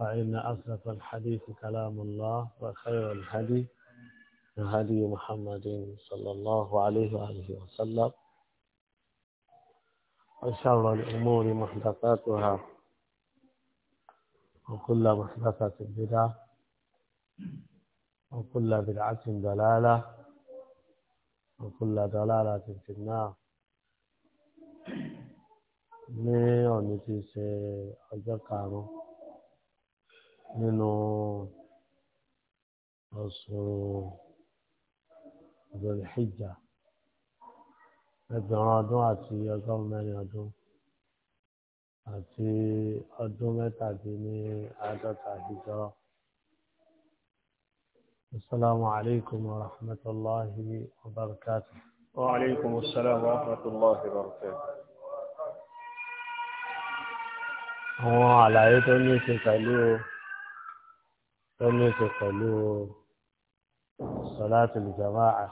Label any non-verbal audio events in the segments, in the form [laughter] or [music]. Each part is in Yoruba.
فإن أصدق الحديث كلام الله وخير الهدي هدي محمد صلى الله عليه وآله وسلم وشر الأمور محدثاتها وكل محدثة بدعة وكل بدعة دلالة وكل دلالة في النار ní ọ̀nà tí í ṣe ọjọ́ karùn-ún nínú oṣù Dhul-Hijjah ẹgbẹ̀rún ọdún àti ọgọ́rùn mẹ́rin ọdún àti ọdún mẹ́tàdínní àádọ́ta hijra. السلام عليكم ورحمة الله وبركاته وعليكم السلام ورحمة الله وبركاته àwọn àlàyé tó ní ṣe pẹ̀lú wọ́n ní ṣe pẹ̀lú sọláàtì lìjàmáà.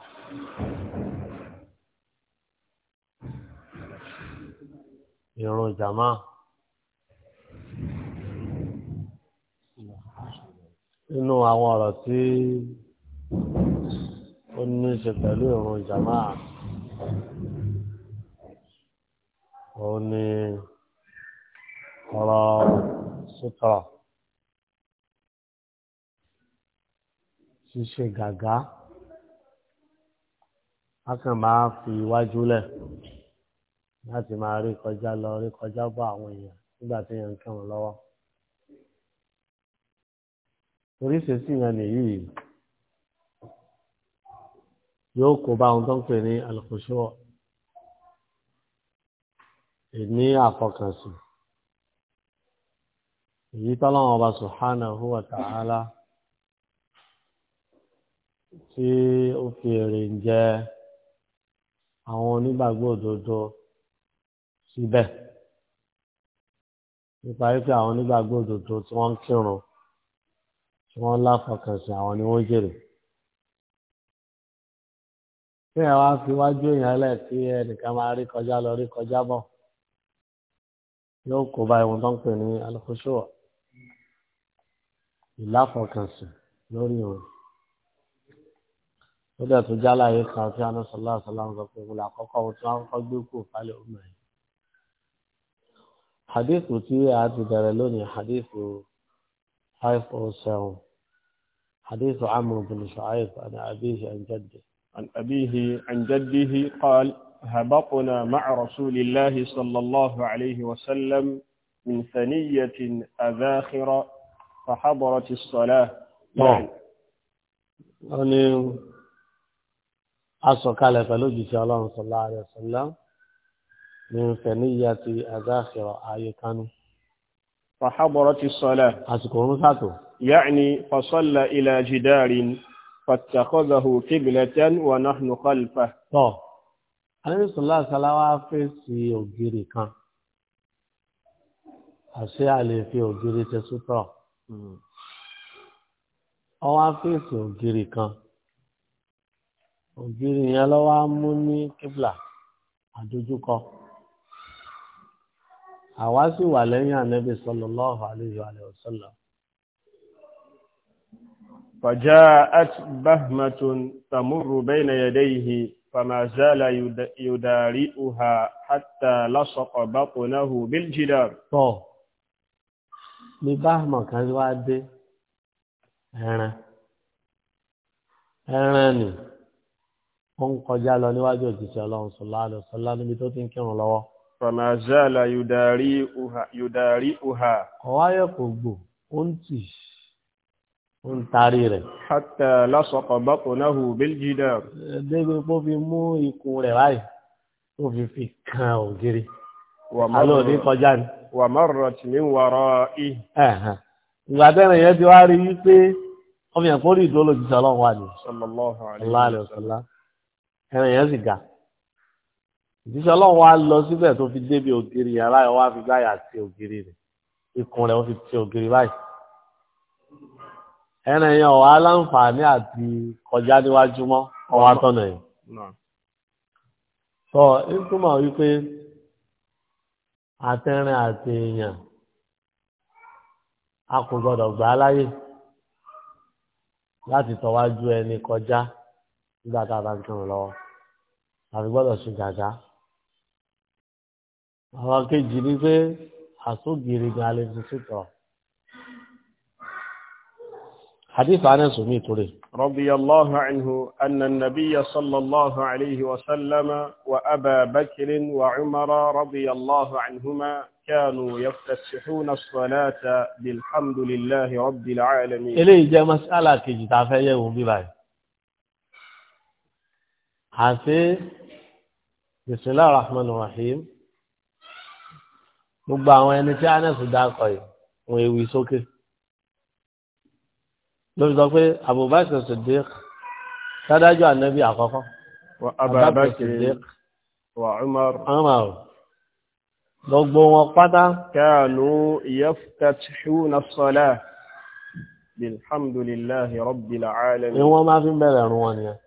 ìrun jàmá. nínú àwọn ọ̀rọ̀ tí ó ní ṣe pẹ̀lú ìrun jàmá òun ni ọ̀rọ̀ sútọ̀rọ̀. kì í ṣe gàgá a kàn máa fi iwájú lẹ̀ láti máa rí kọjá lọ rí kọjá bọ̀ àwọn èèyàn nígbà tí èèyàn ń kàn wọ́n lọ́wọ́ oríṣiríṣi yẹn nìyí yóò kó bá ohun tó ń pè ní alùpùpù ìní àfọkànsìn èyí tọ́lọ́wọ́n ọba subhanahu wa ta'ala tí ó fi èrè ń jẹ àwọn onígbàgbọ́ òdodo síbẹ̀ nípa wípé àwọn onígbàgbọ́ òdodo tí wọ́n ń kírun tí wọ́n láfọkànsìn àwọn ni wọ́n jèrè. tí ẹ wá fi wájú èèyàn lẹ̀ tí ẹnìkan máa rí kọjá lọ rí kọjá bọ̀ yóò kó bá ìwọ̀n tó ń pè ní alùpùpù ìláfọkànsìn lórí òun. ó dẹ̀ tó já láyé kan tí aná sọlá sọlá ń sọ pé òun làkọ́kọ́ ohun tí wọ́n kọ́ gbé kù fálẹ̀ ọmọ yìí. hadith tí a ti bẹ̀rẹ̀ lónìí hadith five oh seven hadith amr bin shu'aib an abihi an jaddi. an abihi an jaddihi qaal habaqna ma'a rasulillahi sallallahu alayhi wa sallam min thaniyyatin adhakhira fa hadarat as-salah. wọ́n ní. asọ̀kalẹ̀ pẹ̀lú jùsẹ̀ ọlọ́run sọ̀lá rẹ̀ sọ̀lá ní fẹ̀níyà ti àzáṣẹ̀rọ̀ ayé kánú. fàhábọ̀rọ̀ ti sọ́lẹ̀. àsìkò oorun sàtò. yáàni fasọ́lẹ̀ ilẹ̀ jìdáàrí fàtàkọ́zàhù kíbìlẹ̀tẹ́n wà náà kọlùfà. tọ́ alẹ́sọ̀lá sàláwá fèsì ògiri kan àṣẹ ògiri yẹn lọ́wọ́ á mú ní kíblà àdójúkọ àwa sì wà lẹ́yìn ànábì sallallahu alayhi wa sallam. فجاءت بهمة تمر بين يديه فما زال يدارئها حتى لصق بطنه بالجدار. tọ́ ní báhùmọ̀ kan wá dé ẹran ẹran ni ó ń kọjá lọ níwájú òjijì ọlọ́run sọlá lọ sọlá níbi tó ti ń kírun lọ́wọ́. fàmàzàlà yòdàrí òhà. ọ̀wáyọ̀ kò gbò ó ń tì ó ń tarí rẹ̀. hàtà lásọ̀kọ̀ bọ́pọ̀ bíljìdà. débi pé fi mú ikùn rẹ̀ báyìí ó fi fi kan ògiri. àlọ́ òní kọjá ni. wà á mọ̀rọ̀ tì mí wọ̀rọ̀ i. ìgbà tẹ́lẹ̀ yẹn ti wá rí i pé ọmọ yẹn kórìí tó lòdì sọlọ́run wà ní. sọlọ́lá ẹran yẹn sì ga ìdíṣẹ́ ọlọ́run wa lọ síbẹ̀ tó fi débi ògiri yẹn láyọ̀ wá fi gbáyà ti ògiri rẹ̀ ikùn rẹ̀ wọ́n fi ti ògiri báyìí ẹran yẹn ọ̀wá láǹfààní àti kọjá níwájú mọ́ ọwá tọ̀nà yẹn. sọ ìtumọ̀ wípé àtẹ̀rìn àti èèyàn a kò gbọdọ̀ gbà á láyè láti tọ́wájú ẹni kọjá. nígbà tá a bá ń kírun lọ́wọ́ àti gbọ́dọ̀ ṣe gàgá. àwọn kejì ni pé àsógiri gan alẹ́ fi sítọ̀. حديث عن سميته رضي الله عنه أن النبي صلى الله عليه وسلم وأبا بكر وعمر رضي الله عنهما كانوا يفتتحون الصلاة بالحمد لله رب العالمين إليه جاء مسألة كي تعفيه ببعض àti bisimilahi rahman rahim gbogbo àwọn ẹni tí anes dákọ yìí wọn ewì sókè lórí sọ pé abubakar siddiq sádájú anabi àkọ́kọ́ abubakar siddiq wa umar umar gbogbo wọn pátá. kánú yaftatihuna salah bilhamdulillahi rabbil alamin. ni wọ́n máa fi bẹ̀rẹ̀ rún wọn nìyẹn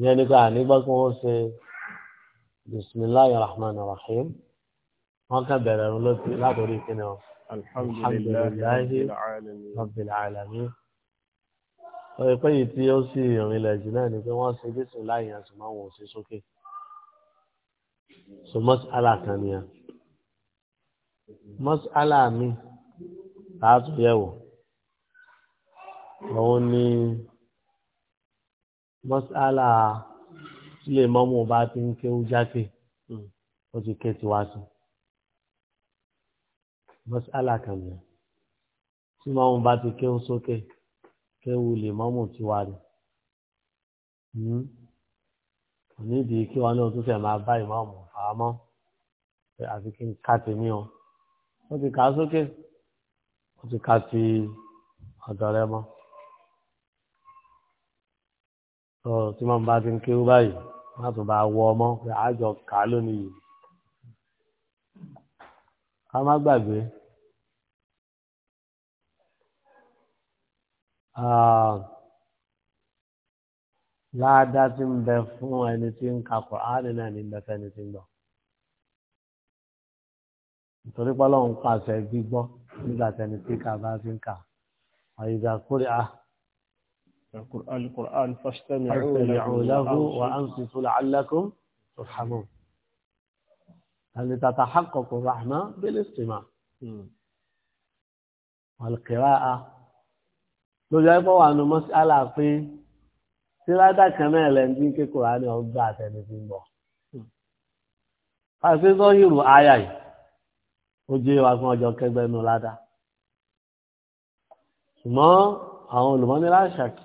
ìyẹn ní pé ànígbà kí wọ́n ṣe bisimilahi rahman rahim wọ́n kà bẹ̀rẹ̀ ọ̀run lọ́tí látòrí ìkíni ọ alhamdulilayi rabbil alamin ọ̀rẹ́ pé yìí tí ó sì rìnlẹ̀ jù náà ni pé wọ́n ṣe bisimilahi yẹn ṣùgbọ́n wọn ò ṣe sókè so mas'ala kan nìyẹn mas'ala mi tààtù yẹ̀wò òun ni mọ́sálà tí lè mọ́mú bá ti ń kéwú jáde hmm. ó ti ké tiwa sí mọ́sálà kan nìyẹn tí mọ́mú bá ti kéwú sókè kéwú lè mọ́mú tiwa rẹ̀ onídìí hmm. kí wọn náà tún fẹ́ máa bá ìmọ̀ọ́mù fàámọ́ àfi kí n ká tèmi o wọ́n ti kà sókè wọ́n ti ká ti ọ̀dọ̀ rẹ mọ́. tó tí wọ́n bá ti ń kéwú báyìí wọ́n tún bá wọ ọmọ pé àjọ kà á lónìí yìí. ká má gbàgbé. láàdá tí ń bẹ fún ẹni tí ń ka Kùránì náà ní bẹ fẹ́ni tí ń gbọ́. nítorí pé Ọlọ́run pàṣẹ gbígbọ́ nígbà tẹni tí ká bá ti ń kà. àyíká kórè á. القرآن فاستمعوا له وأنصتوا لعلكم ترحمون هل تتحقق الرحمة بالاستماع والقراءة ló jẹ́ pọ́ wà ní mọ́sálà pé tíráàdà kan náà lẹ́ndí ń ké Kùránì ọgbà àtẹni fi ń bọ̀. àti tó yìrù àyà yìí ó jẹ́ wa fún ọjọ́ kẹgbẹ́ nù ládàá. ṣùgbọ́n àwọn olùmọ́ni láṣàkì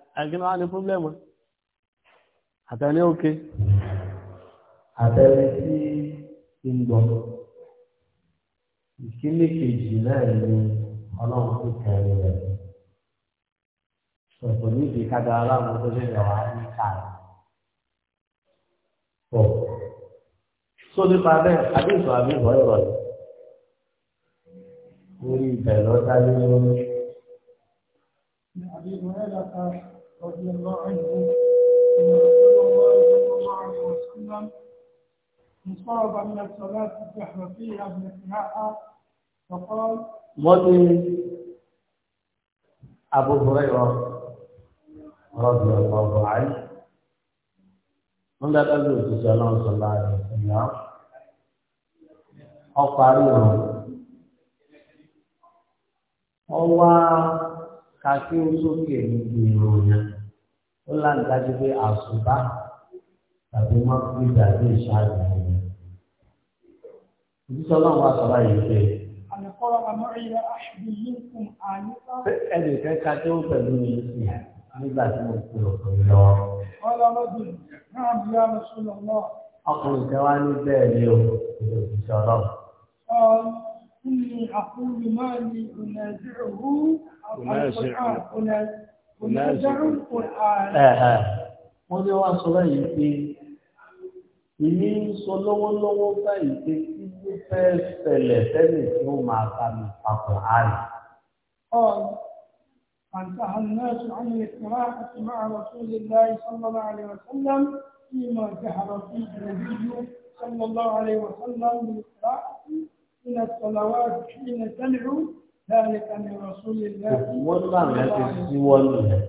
ẹ̀gbìn wá ní públẹ̀mù àtẹni òkè àtẹni sí ìgbọ̀ ìkíní kejì náà ni ọlọ́run tó kẹrin rẹ̀ ọ̀pọ̀ nídìí kága aláwọ̀ tó ṣe rẹ̀ wá ní káàdì pọ̀ tó nípa bẹ́ẹ̀ àdéhùn àbí ìwọ ìrọ̀lẹ́ lórí ìbẹ̀rẹ̀ ọ̀dá lórí. رضي الله عنه أن رسول الله صلى الله عليه وسلم انصرف من الصلاة الزحمتية بانتهاءها فقال مضي أبو هريرة رضي الله عنه من لا تقول تسألون صلى الله عليه وسلم أو قارئهم ọwá kàkí ó sókè níbi ìròyìn ó láǹdájú pé àṣùbá tàbí mọ́kúrìdà ló ṣáájú ẹni. Ìdíṣọ́ náà wá sọ báyìí pé. Ẹnì kẹ́kẹ́ tó pẹ̀lú mi sí nígbà tí mo pe ọkùnrin lọ. Ọkùnrin kan wá ní bẹ́ẹ̀ ni o, ìlú ìṣọ́ náà. Inni àkúrú máa ní ìnàzìrò hù, àkúrú máa wọ́n ní wá sọ báyìí pé ìní ń sọ lọ́wọ́lọ́wọ́ báyìí pé kí ló fẹ́ ṣẹlẹ̀ sẹ́yìn tí ó máa bá mi papọ̀ àárẹ̀. فانتهى الناس عن القراءة مع رسول الله صلى الله عليه وسلم فيما جهر فيه النبي صلى الله عليه وسلم بالقراءة من الصلوات حين تلعو wọ́n láwọn yẹn ti síwọ́ lulẹ̀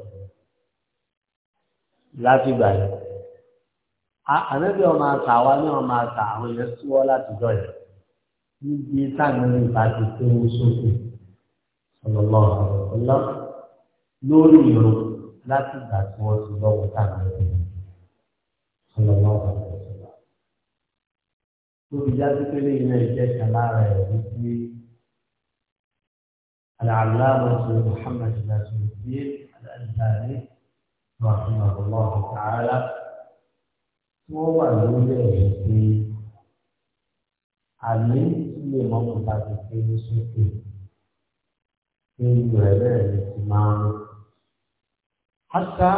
látìgbà yẹn ànábì ọmọ àtà wa ní ọmọ àtà àwọn yẹn síwọ́ látìjọ yẹn níbi táwọn ìbá ti tó ń sókè ọlọ́lọ́ ọlọ́ lórí ìrún látìgbà tí wọ́n ti lọ́wọ́ táwọn yẹn ọlọ́lọ́ ọlọ́ tó fi jáde pé lẹ́yìn lára ẹ̀ wípé. العلامة محمد ناصر الدين الألباني رحمه الله تعالى هو الذي في علي الإمام الفاتحي سكي في ولاء الإمام حتى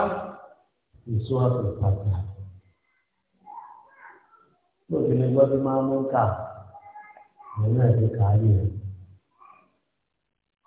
في سورة الفاتحة لكن الإمام منكر من هذه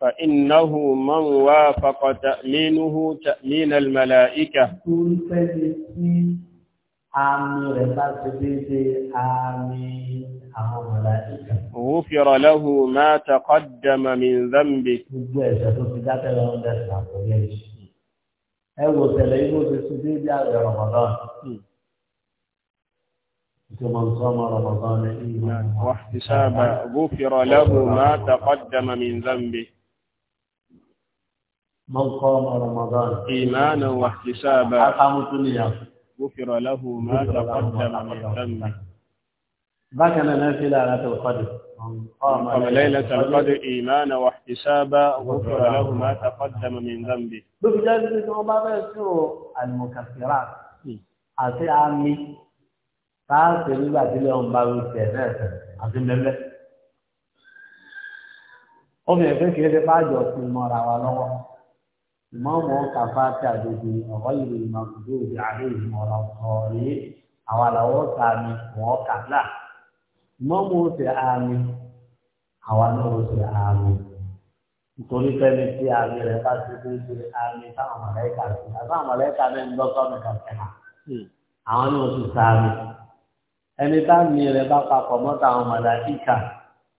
فإنه من وافق تأمينه تأمين الملائكة غفر له ما تقدم من ذنبه غفر له ما تقدم من ذنبه من قام رمضان إيمانا واحتسابا غفر له ما تقدم من ذنبه بكنا نافلة على القدر من قام ليلة القدر إيمانا واحتسابا غفر له ما تقدم من ذنبه بجانب ما يسوع المكفرات àti àmì káàsì nígbà tí lè ń bá wí tẹ̀ náà àti mẹ́mẹ́. ó fi ẹ̀fẹ́ ìmọ̀ọ́mù ọkà fáti àdòdò ọ̀họ́ ìlú ìmọ̀gbòdò òbí àlẹ́ ìmọ̀ràn ọ̀rẹ́ àwọn àlàwọ̀ ọ̀tà mi wọ́n kà là ìmọ̀ọ́mù ọ̀tà àmì àwọn náà ọ̀tà àmì nítorí pẹ́ẹ́ni tí àmì rẹ̀ bá ti dé ṣe àmì táwọn mọ̀lẹ́kà sí àtàwọn mọ̀lẹ́kà náà ń lọ́kọ́ mi kàkẹ́hà àwọn náà ti sa àmì ẹni tá àmì rẹ̀ bá papọ̀ mọ́ táwọn mọ̀lẹ́kà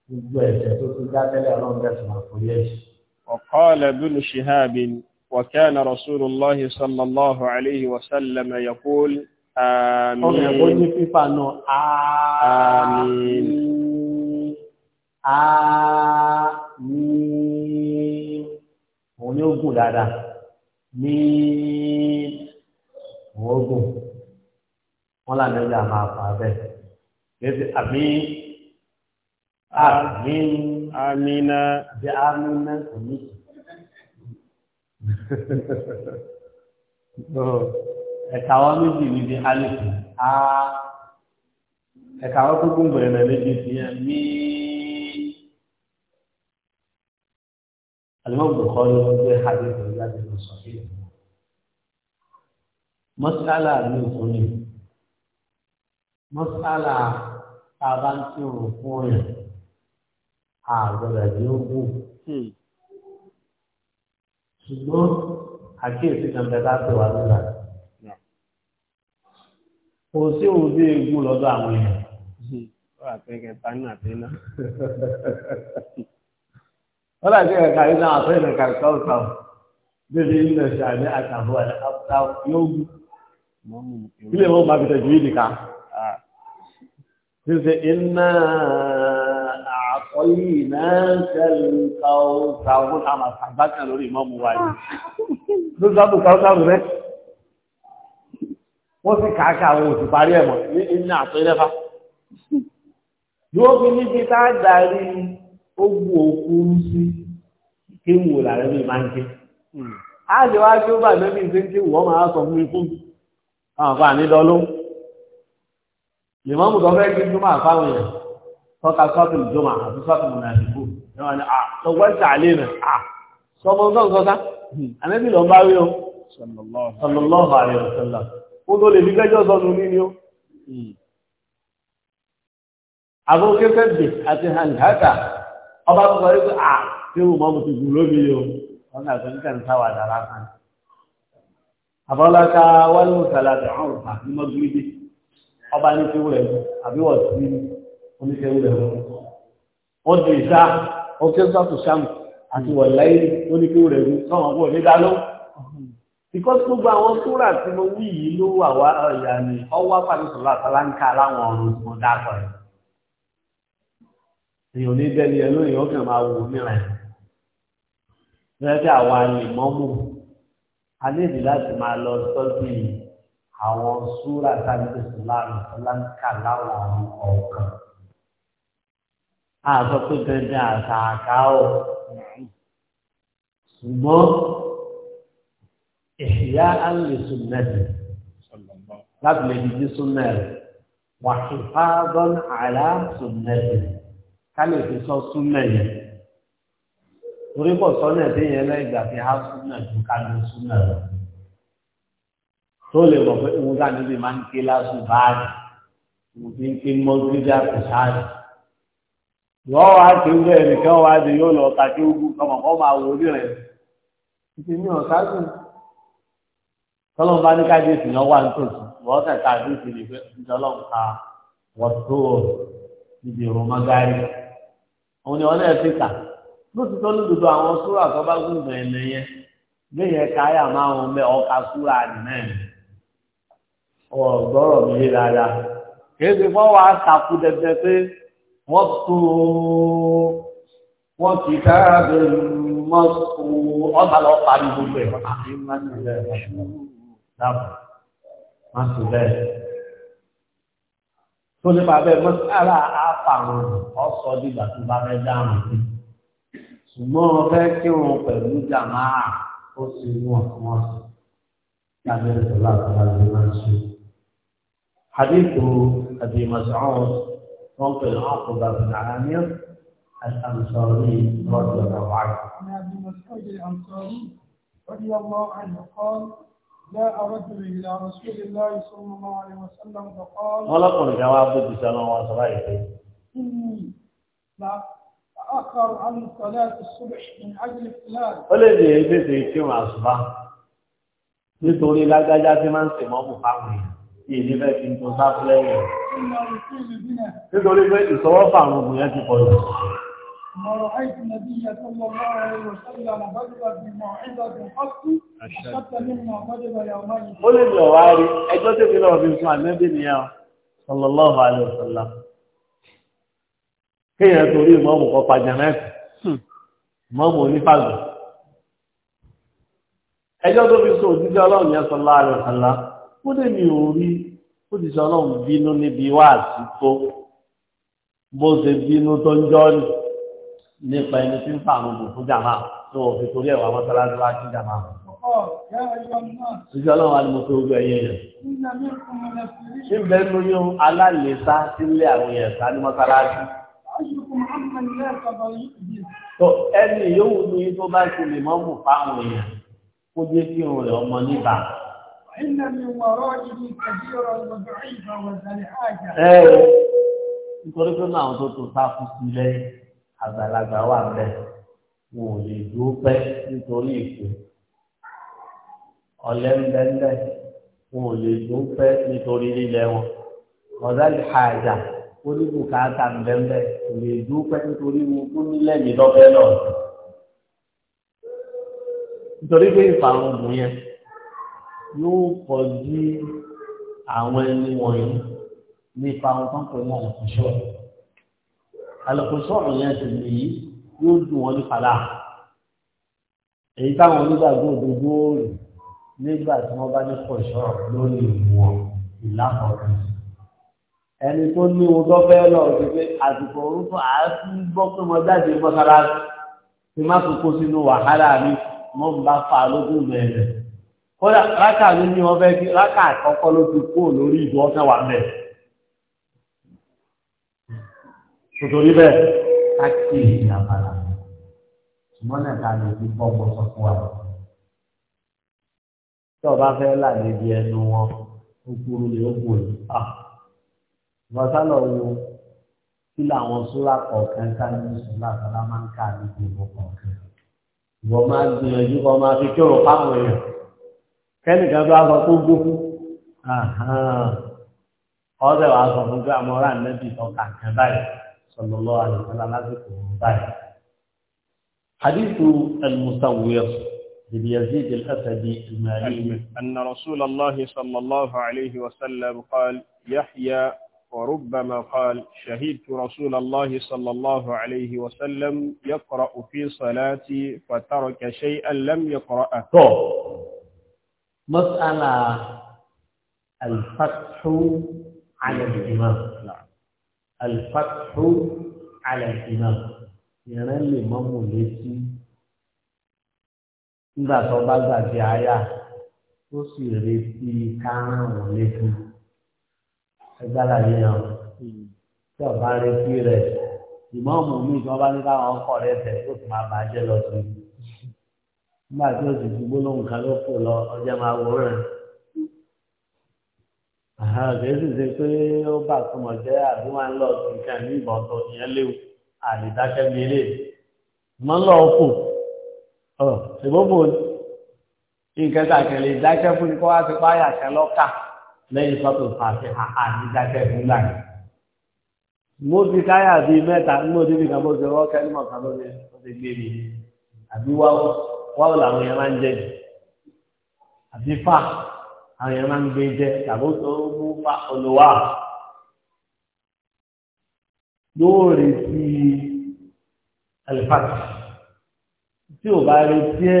gbogbo ẹ̀ṣẹ̀ tó ti dá tẹ́lẹ̀ ọlọ́run bẹ̀rẹ̀ sọ̀rọ̀ kò yẹ ọ̀kọ́ ọ̀lẹ́bùnú ṣìhábìn وكان رسول الله صلى الله عليه وسلم يقول آمين آمين آمين òun ni ó gùn dáadáa ní òun ó gùn wọn là ní ọjà máa fà á bẹ́ẹ̀ lẹsẹ àmì àmì àmì náà bí àmì náà kò ní kí ẹ̀ka wọn méjì ní bí alif a ẹ̀ka wọn tó gbóngbò ẹ̀rẹ̀ méjì sí ẹ̀ mí alimọ́gbọ̀n kọ́ ló ń gbé hadith ìgbà tí mo sọ sí ìlú mọ́sálà ní òkú ni mọ́sálà tá a bá ń tí òun fún ọ̀yàn àgbọ̀dọ̀ ó kù ṣùgbọ́n àkíyèsí kan bẹ bá pè wá lọ́la. kò sí òde egun lọ́dọ̀ àwọn èèyàn. ọ̀rọ̀ àtẹ̀kẹ̀ tánú àtẹ̀nà. ọ̀rọ̀ àtẹ̀kẹ̀ kàrí náà àtẹ̀kẹ̀ kàrí káwùtà bébí ilẹ̀ ṣàní àtàwọn àtàwọn yóò gùn. kílè wọn bá fi tẹ̀jú yìí nìkan. Ah. ṣíṣe iná ọyí ìnáṣẹ́lú káwọ́ àgbákan lórí ìmọ́mù wa yìí ló sábò káwọ́ rẹ̀ wọ́n sì kàákà àwọn òsì parí ẹ̀mọ̀ ní iná àtọ́lẹ́fà yóò fi níbi tá a darí ogun òkú sí kí ń wò làrẹ́ bí máa ń ké a lè wá kí ó bà lẹ́bí ṣe ń ké wọ́n máa sọ fún ikú àwọn àfa ànídọ́ lè mọ́mù tó fẹ́ kí túmọ̀ àfáwọn èèyàn tọ́ka sọ́ọ̀tù ìjọba àti sọ́ọ̀tù mùnàfíkù ẹ̀wọ̀n ni àtọ̀wọ́ ìtàlẹ́ rẹ̀ à sọ́mọ sọ́ọ̀sọ́sá àmẹ́bí lọ bá rí o sallallahu alaihi wasallam ó tó lè fi gẹ́jọ́ sọ́nu ní ni ó. àbókè fẹ́bì àti hangata ọba tó sọrí pé à tí mo mọ́ mo ti gùn lómi o wọn náà fẹ́ kẹ́ ń wálé òsàlà àti àwọn ní mọ́gírídì ọba ní kí wọ́n rẹ̀ àbí wọ́n ti oníkẹ́wù rẹ̀ wọ́n ti ìṣá ọkẹ́ sọ́tù sáàmù àti wọ̀láyé oníkẹ́wù rẹ̀ wọ́n kọ́ wọn kó ní dáná. because gbogbo àwọn súrà tí mo wí yìí ló wà wá ọ̀yà ni ọwọ́ pàdé sọ̀rọ̀ àtàlánkà láwọn ọ̀run tí mo dákọ̀ yìí. èèyàn ní bẹ́ẹ̀ ni ẹ lóyìn ọkàn máa wò nílẹ̀ lẹ́tẹ̀ àwọn àlèmọ́mù alẹ́bí láti máa lọ sọ́dún àwọn súrà sábẹ́ sọ̀rọ̀ àtàlánkà láwọn ọ̀run ọ̀kan àsọ pé dandan àṣà àkáwọ̀ ṣùgbọ́n ìṣìyá alẹ́sùn mẹ́rin láti lè di súnmọ́ rẹ̀ wà ìfáàbọ̀n àlàásùn mẹ́rin ká lè fi sọ súnmọ́ yẹn torí pọ̀ sọ́nà tí yẹn lẹ́gbàá fi há súnmọ́ ká lè súnmọ́ tó lè rọ̀ pé òun dá níbi máa ń ké lásùn báàdì òun ti ń ké mọ́gídá kò sáàdì wọ́n wá ṣe ń bẹ́ẹ̀ nìkan wá di yóò lọ ta kí ogun kọmọ kọ́ máa wo orí rẹ̀ títí ní ọ̀sá dùn tọ́lọ́n bá ní kájíyèsí náà wà nítòsí wọ́n tẹ̀ ká àdúgbò ní pé ìjọlọ́n ka wọ́n tó níbi ìrùn mọ́gárí òun ni wọ́n náà ti kà lóòótọ́ lódodo àwọn súrà tó bá gùn bẹ̀rẹ̀ nìyẹn bẹ́ẹ̀ yẹn káyà máa ń ọkà súrà nìyẹn والطور وكتاب مسطور ọba lọ parí gbogbo ẹ̀ àti mọ́tòlẹ́ dábọ̀ mọ́tòlẹ́ tó nípa bẹ́ẹ̀ mọ́tòlá àpàrọ̀ ọ̀sọ́ dìgbà tó bá fẹ́ dáhùn sí ṣùgbọ́n wọn fẹ́ kí wọn pẹ̀lú jàmáà ó sì mú ọ̀sán ọ̀sán lábẹ́ ìṣọ̀lá àti àgbẹ̀ وفي العقبة بن عامر الأنصاري رضي الله عنه. عن أبي مسعود الأنصاري رضي الله عنه قال: جاء رجل إلى رسول الله صلى الله عليه وسلم فقال: ولكم جواب بسم الله إني لا أتأخر عن صلاة الصبح من أجل فلان. ولدي يبدي كم أصبح. nítorí lágbájá جاتي من ń sèmọ́ bù fáwọn تصاب tí nítorí pé ìsọwọ́fà àwọn ọmọ yẹn ti pọ̀ jù. Mọ̀rọ̀ àìsí nàbí ìyàtọ̀ lọ́wọ́ ẹ̀rọ sọ́lá àbájúwà bí mọ̀ ẹ̀dọ̀ tó họ́pù, ṣọ́tẹ̀ nínú àbájúwà yà ọmọ yìí. Ó lè lọ wá rí ẹjọ́ tèmi náà fi fún àmẹ́bí nìyẹn Kéèyàn torí ìmọ̀mù kọ pàjánẹ́ẹ̀tì, hmm. mọ̀mù onífàgbọ̀. Ẹjọ́ tó fi sọ òjíjọ́ ọlọ́run yẹn sallallahu alaihi wasallam, ó mi ò rí ó ti sọ ọlọ́run bínú níbi wáàsí tó bó ṣe bínú tó ń jọ́ nípa ẹni tí ń fa àwọn òbò fún jàmá tó òfin torí ẹ̀wà mọ́sálásí wá sí jàmá. Ìjọ ọlọ́run wa ni mo fi ojú ẹyẹ yẹn. Níbẹ̀ ló yún alálèsá sílé àwọn yẹn sá ní mọ́sálásí. Tó ẹni yóò ní tó bá ṣe lè mọ́ mú fáwọn èèyàn kó jẹ́ kí òun rẹ̀ ọmọ níbà. إن من ورائه كثيرا وضعيفا وذل حاجة nítorí pé náà tó tó sáfù sílẹ̀ àgbàlagbà wà bẹ́ẹ̀ wọn ò lè dúró pẹ́ nítorí ìpè ọ̀lẹ́ ń bẹ́ ńlẹ̀ wọn ò lè dúró pẹ́ nítorí lílẹ̀ wọn ọ̀dàlì àjà oníbùkátà ń bẹ́ ńlẹ̀ kò lè dúró pẹ́ nítorí wọn tó nílẹ̀ yìí lọ́fẹ́ náà nítorí pé ìfàrùn bù yẹn yóò pọ̀ sí àwọn ẹni wọ̀nyí nípa àwọn tó ń pè ní àlùkòṣọ́ àlùkòṣọ́ yẹn sì nìyí yóò dùn wọn ní fàlà èyí táwọn onígbàgbọ́ òdodo rè nígbà tí wọ́n bá ní kọ̀ṣọ́ lórí ìwọ̀ ìlàkọ̀ọ́rọ̀ ẹni tó ní ohun tó fẹ́ lọ sí pé àsìkò orúkọ àásù gbọ́ pé mo jáde mọ́sálásí tí má kókó sínú wàhálà mi mo ń bá fa lójú bẹ̀rẹ̀ kódà rákà ló ní wọn fẹ́ kí rákà àkọ́kọ́ ló ti kó lórí ìdú ọ̀sẹ̀ wà mẹ́. nítorí bẹ́ẹ̀ ká kí èyí ká lè fi bọ́ọ̀bọ̀ sọ fún wa. tí ọba fẹ́ làlejò ẹnu wọn ó kúrú ó kúrú à lọ sálọ wo kí làwọn sólà kọ̀ọ̀kan ká ní sólà sálá máa ń kà ní gbogbo ìwọ máa gbìyànjú kọ́ máa fi kí òrò fáwọn èèyàn. كان tó aṣọ طوبه اها ọ̀sẹ̀ wàá sọ fún النبي صلى الله عليه وسلم صلى الله عليه وسلم حديث المصور بن يزيد الأسدي المالي أن رسول الله صلى الله عليه وسلم قال يحيى وربما قال شهدت رسول الله صلى الله عليه وسلم يقرأ في صلاتي فترك شيئا لم يقرأه. mọ́sálà alifatu alẹ́dìmá alifatu alẹ́dìmá ìrìn lè mọ́mù létí nígbà tó bá gbàgbé àyà ó sì retí kárùn-ún létí ẹgbàlá yìí hàn tí ọba retí rẹ̀ ìmọ̀ọ́mù mi tí wọ́n bá ní káwọn ọkọ̀ rẹ̀ tẹ̀ ó sì máa bàjẹ́ lọ sí nígbà tí o sì ti gbólóhùn kan ló kù lọ ọjà máa wò rẹ̀ kìí sì ṣe pé ó bà túmọ̀ jẹ́ àbí wọn lọ sí nǹkan ní ìbọn tó ìyẹn léwu àdìdákẹ́ mi lè mọ́ lọ kù ọ̀ ṣèbóbò nǹkan kàkẹ́lẹ̀ ìdákẹ́ fún kó wá ti páyà kan lọ́kà lẹ́yìn sọ́tò fàṣẹ àdìdákẹ́ fún láyé mo ti káyà bíi mẹ́ta mo ti fi kàn bó ṣe rọ́ọ̀kẹ́ nímọ̀ kan lóde ó ti gbé mi àbí wáwọ́ wáwò làwọn yẹn máa ń jẹ jù àbí fà àwọn yẹn máa ń gbé jẹ tàbí ó mú fà olùwà yóò retí alifati tí ò bá retí ẹ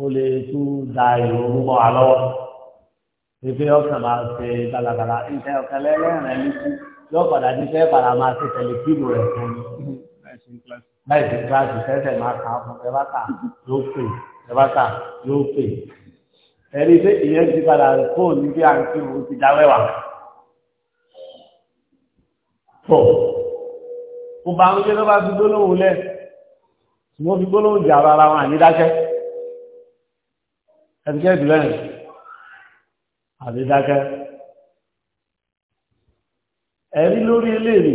o lè tún da ìrònú mọ́ wa pépé ọkàn máa ṣe balabala ìfẹ́ ọkàn lẹ́rẹ́rìn ẹ̀ lẹ́sí yóò padà ní fẹ́ padà máa ṣe tẹlifíìmù rẹ̀ fún mi láì sí kíláàsì tẹ́tẹ̀ máa kà á fún tẹ́bátà yóò pè tẹ́bátà yóò pè ẹ̀rí pé ìyẹn ti padà fóònù bí à ń kí òun ti dáwẹ́wà. pọ̀ mo bá ń gbé ló bá fi gbólóhùn lẹ̀ mo fi gbólóhùn jà ara wọn àní dákẹ́ ẹ̀dùkẹ́ ìdúlẹ̀rìn àní dákẹ́ ẹ̀rí lórí eléèrè.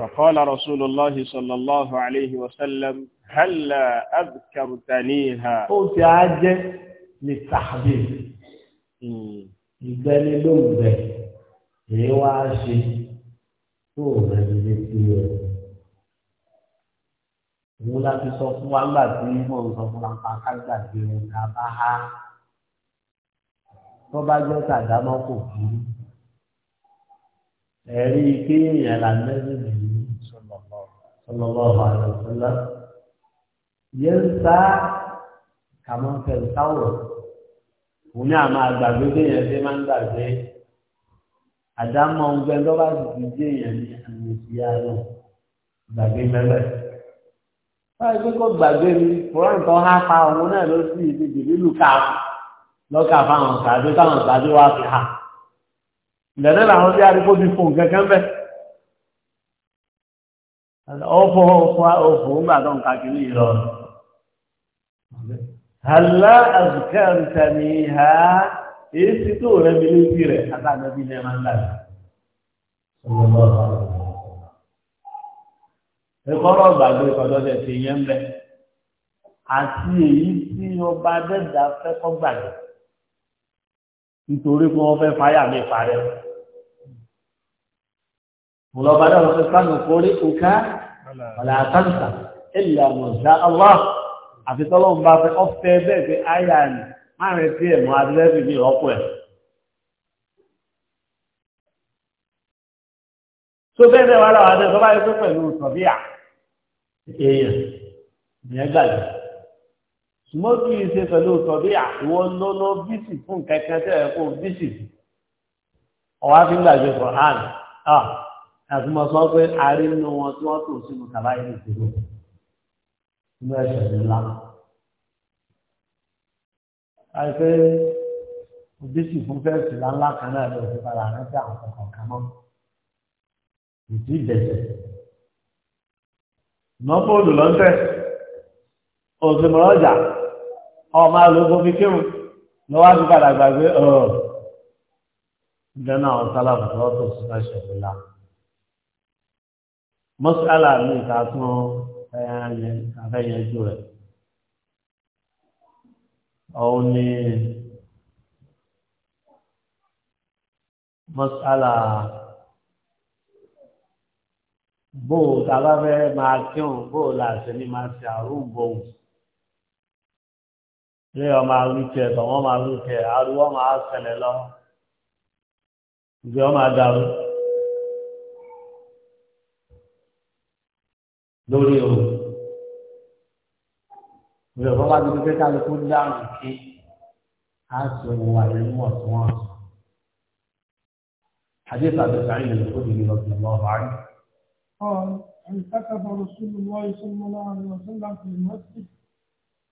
فقال رسول الله صلى الله عليه وسلم هل أذكرتنيها قلت عجل للتحبيب hmm. ìgbẹ́ni ló ń bẹ̀ èyí wá ṣe sọ fún wa ńgbà tí mo ń sọ fún wa pa kágbà tí òun ta bá há tó bá jẹ́ tàdámọ́ kò kú ẹ̀rí kéèyàn là ń lẹ́sìn nìyí. صلى الله عليه وسلم ينسى كما تنسوا òní àmà àgbàgbé déèyàn ṣe máa ń gbàgbé àdámọ̀ ọgbẹ́ lọ́wọ́ àdìsí déèyàn ní àmì ìyá náà gbàgbé mẹ́lẹ̀. báyìí pé kó gbàgbé mi koran tó há pa òun náà ló sì ti dìbí lùkà lọ́kà fáwọn kàdé táwọn kàdé wá fi hà. ìdàdé làwọn bí arúgbó ti fò nǹkan kan bẹ́ẹ̀ ọ̀fọ̀ ọ̀fọ̀ ọ̀fọ̀ ń bà tó ń kàkiri lọ. Hàlá àzùkẹ́rìtà ni ha èyí sí tó rẹ̀ mi ní ti rẹ̀ àtàgbẹ́bí ní ẹ̀mà ńlá. Ìkọ́rọ̀ gbàgbé ìkọ̀dọ̀ tẹ̀ sí ìyẹn ń bẹ. Àti èyí tí ọba dẹ́dà fẹ́ kọ́ gbàgbé. ولو بعد الرسول يقولك ولا تنسى إلا ما شاء الله àfi tọ́lọ́run bá fẹ́ ọ́fẹ́ bẹ́ẹ̀ pé àyà ni máa rẹ̀ tí ẹ̀ mọ́ adẹ́rẹ́bì ní ọ̀pọ̀ ẹ̀. tó bẹ́ẹ̀ bẹ́ẹ̀ wá láwọn adẹ́ tó bá yẹ kó pẹ̀lú tọ̀bíà èèyàn ìyẹn gbàgbé ṣùgbọ́n kì í ṣe pẹ̀lú tọ̀bíà ìwọ ló lọ ah àtúmọ̀ sọ pé àárí nínú wọn tí wọ́n tò sínú kàbá yìí nìṣòro inú ẹ̀ṣẹ̀ ńlá. àìpé òbíṣì fún fẹ́ẹ̀sì ńláńlá kan náà ló fi padà rántí àwọn kọ̀ọ̀kan kan mọ́ ìtú ìdẹ̀sẹ̀. ìnáwó olùlọ́ńtẹ̀ òsèmọ̀rọ̀jà ọmọ àlùkò fi kírun lọ́wọ́ àti padà gbàgbé ọ̀ọ́ ìdáná àwọn sálábù tó wọ́n tò ńlá mọ́sálà ní ìtàtún afẹ́yẹjú rẹ̀ ọ̀hún ni mọ́sálà bóò tàbá fẹ́ máa kíhùn bóò làṣẹ ní máa ṣe àrùn bóò ilé ọmọ awíkẹ tọ̀wọ́n máa wíkẹ ariwo máa ṣẹlẹ̀ lọ ìgbé ọmọ adarú. lórí o ìrọ̀ bá wà ní pípẹ́ ká ló kó dáhùn kí á sọ ohun àyẹ̀wò ọ̀túnwọ̀n حديث أبي سعيد الخدري رضي الله عنه قال انتكب رسول الله صلى الله عليه وسلم في المسجد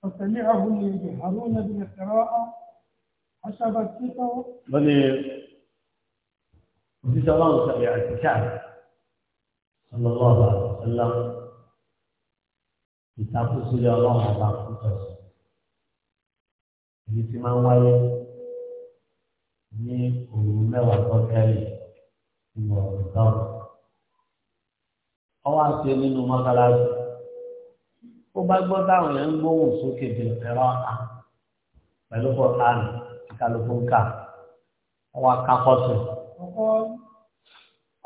فسمعهم يجهرون بالقراءة حسب الثقة بني وفي زمان سمع الكتاب صلى الله عليه وسلم ìtakùsí lé ọlọ́run ọba kú tọ̀sán. Èyí ti máa ń wáyé ní òru mẹ́wàá tó kẹ́lì nínú ọ̀rọ̀ ìtọ́nù. Ọwọ́ àti nínú mọ́kálásí. Ó bá gbọ́ táwọn èèyàn ń gbóhùn sókè bí ẹ̀rọ ọ̀tá pẹ̀lú pọ̀tánì tí kálukú ń kà. Ọwọ́ akákọ́sọ. Ọkọ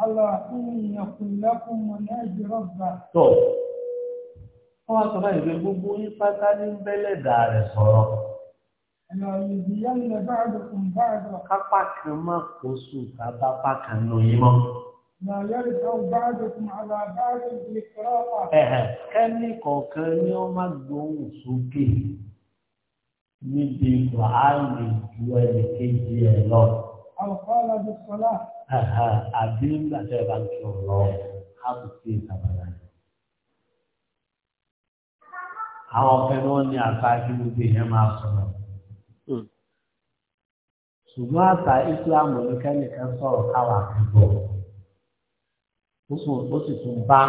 Allah ń yàn kùn lẹ́kùn mọ̀ ní ẹ̀jẹ̀ rọ̀bà. ọ wá sọ báyìí gbogbo yín pátá ní bẹ́lẹ̀dà rẹ̀ sọ̀rọ̀. kápá kan má kó sùn kápá pákan nù yín mọ́. kẹ́ni kọ̀ọ̀kan ni wọ́n máa gbóhùn sókè níbi wàhálì ju ẹnì kejì ẹ̀ lọ. àbí bá ń lọ ìtàbàlà yìí. àwọn ọ̀fẹ́ ni wọ́n ní àṣáájú gbogbo èèyàn máa sọ̀rọ̀. Hmm. ṣùgbọ́n àṣà ìsìláàmù ní kẹ́nìkan sọ̀rọ̀ káwà àgbọ̀ ó sì tún bá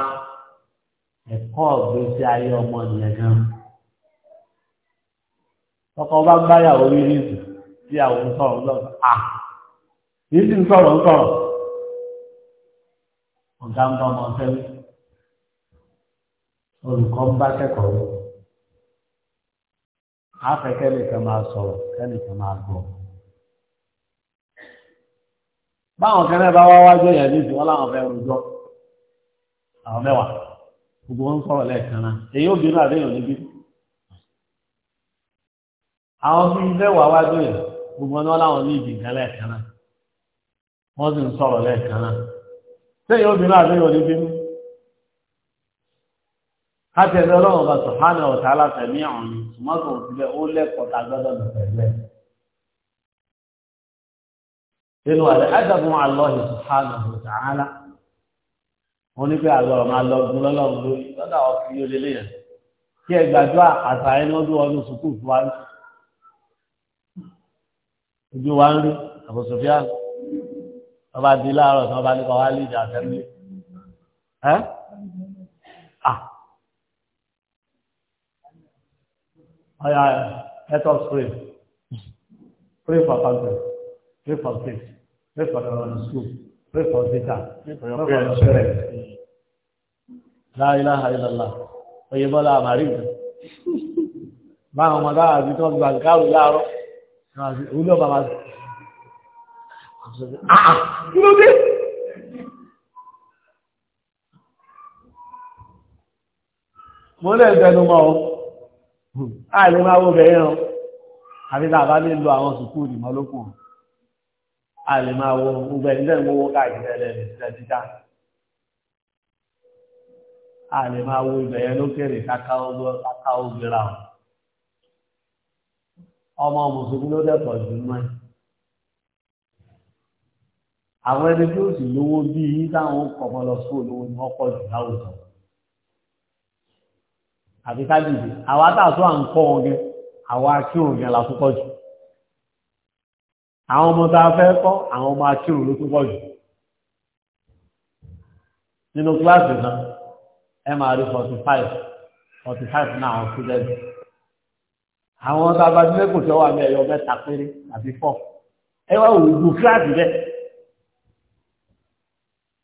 ẹ̀kọ́ ọ̀gbẹ́sí ayé ọmọ nìyẹn gan. ọkọ̀ bá ń báyàwó rí rí ìdù tí àwọn ń sọ̀rọ̀ lọ́wọ́ à yìí sì ń sọ̀rọ̀ ń sọ̀rọ̀ ọ̀gá ń bá ọmọ ọ̀fẹ́ olùkọ́ ń bá kẹ́kọ̀ọ́ afẹ́ kẹ́nìkan máa sọ̀rọ̀ kẹ́nìkan máa gbọ́. báwọn kan náà bá wá wájú ẹ̀yà ní ìfún wọn láwọn fẹ́ rojọ́ àwọn mẹ́wàá gbogbo wọn ń sọ̀rọ̀ káti ẹ̀dọ́ ọlọ́run ọba sọ̀hánà ọ̀tá aláfẹ̀mí ọ̀run ṣùgbọ́n kò síbẹ̀ ó lẹ́kọ̀ọ́ tá a gbọ́dọ̀ lọ pẹ̀lú ẹ̀. nínú àlẹ́ ẹ̀dàbùn àlọ́hì sọ̀hánà ọ̀tá alá wọn ní pé àgbọ̀rọ̀ máa lọ gun lọ́lọ́run lórí lọ́dà ọ̀fi yóò lé yẹn kí ẹ gbàdúrà àtà ẹni ọdún ọdún sùkúù fún wa rí ojú wa ń rí àbòsòfíà ọba ọ̀yà oh, let us pray pray for country pray for faith pray for the school pray for data pray for your parents la ilaha illallah oye bọ́lá àmàrí ìlú báwọn ọmọ dára bí tó gbà káàrù láàárọ̀ òun lọ bàbá mo lè tẹnu mọ́ ọ Hmm. àìlè máa wo bẹ̀rẹ̀ o àfi tá a bá nílò àwọn sùkúù ìmọ̀ lókù àìlè máa wo gbogbo ẹni lẹ́nu owó káàkiri ẹlẹ́rìí sílẹ̀ títà àìlè máa wo ìbẹ̀rẹ̀ lókèrè káká ogun o ọmọ mùsùlùmí ló dẹ̀pọ̀ jù mọ́ ẹ̀ àwọn ẹni tí ó sì lówó bíi táwọn kọ̀ọ̀kan lọ sí olówó ni wọ́n pọ̀ jù láwùjọ àti kájìdì àwa tààtú à ń kọ́ wọn gẹ àwa akírun gẹ la tún pọ̀ jù àwọn ọmọ tá a fẹ́ kọ́ àwọn ọmọ akírun ló tún pọ̀ jù nínú kíláàsì náà ẹ máa rí forty five forty five náà àwọn sílẹ̀dì àwọn tá a bá nílẹ̀kùn tí wọ́n wà ní ẹ̀yọ mẹ́ta péré àti four ẹ wá òògùn kíláàsì bẹ́ẹ̀.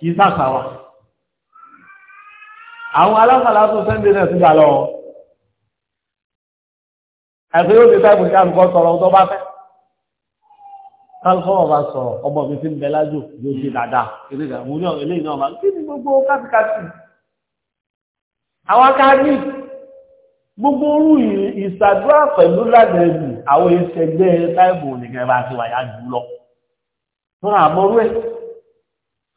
kì í sàṣà wa àwọn alámàlà tó sẹ́ńdé náà ti gbà lọ ẹ̀sìn yóò fi táìpù kí alùpùpù sọ̀rọ̀ tó bá fẹ́ kálukọ́ ọba sọ̀rọ̀ ọmọ mi ti ń bẹ lájò yóò ṣe dáadáa eléyìí àwọn oníyàn eléyìí náà máa ń kí ni gbogbo kátikáti àwọn akáàdì gbogbo orú ìsàdúrà pẹ̀lú ládẹ́bù àwọn ìṣẹ̀gbẹ́ táìpù nìkan bá ti wà yá jù lọ fún àmọ́rú ẹ̀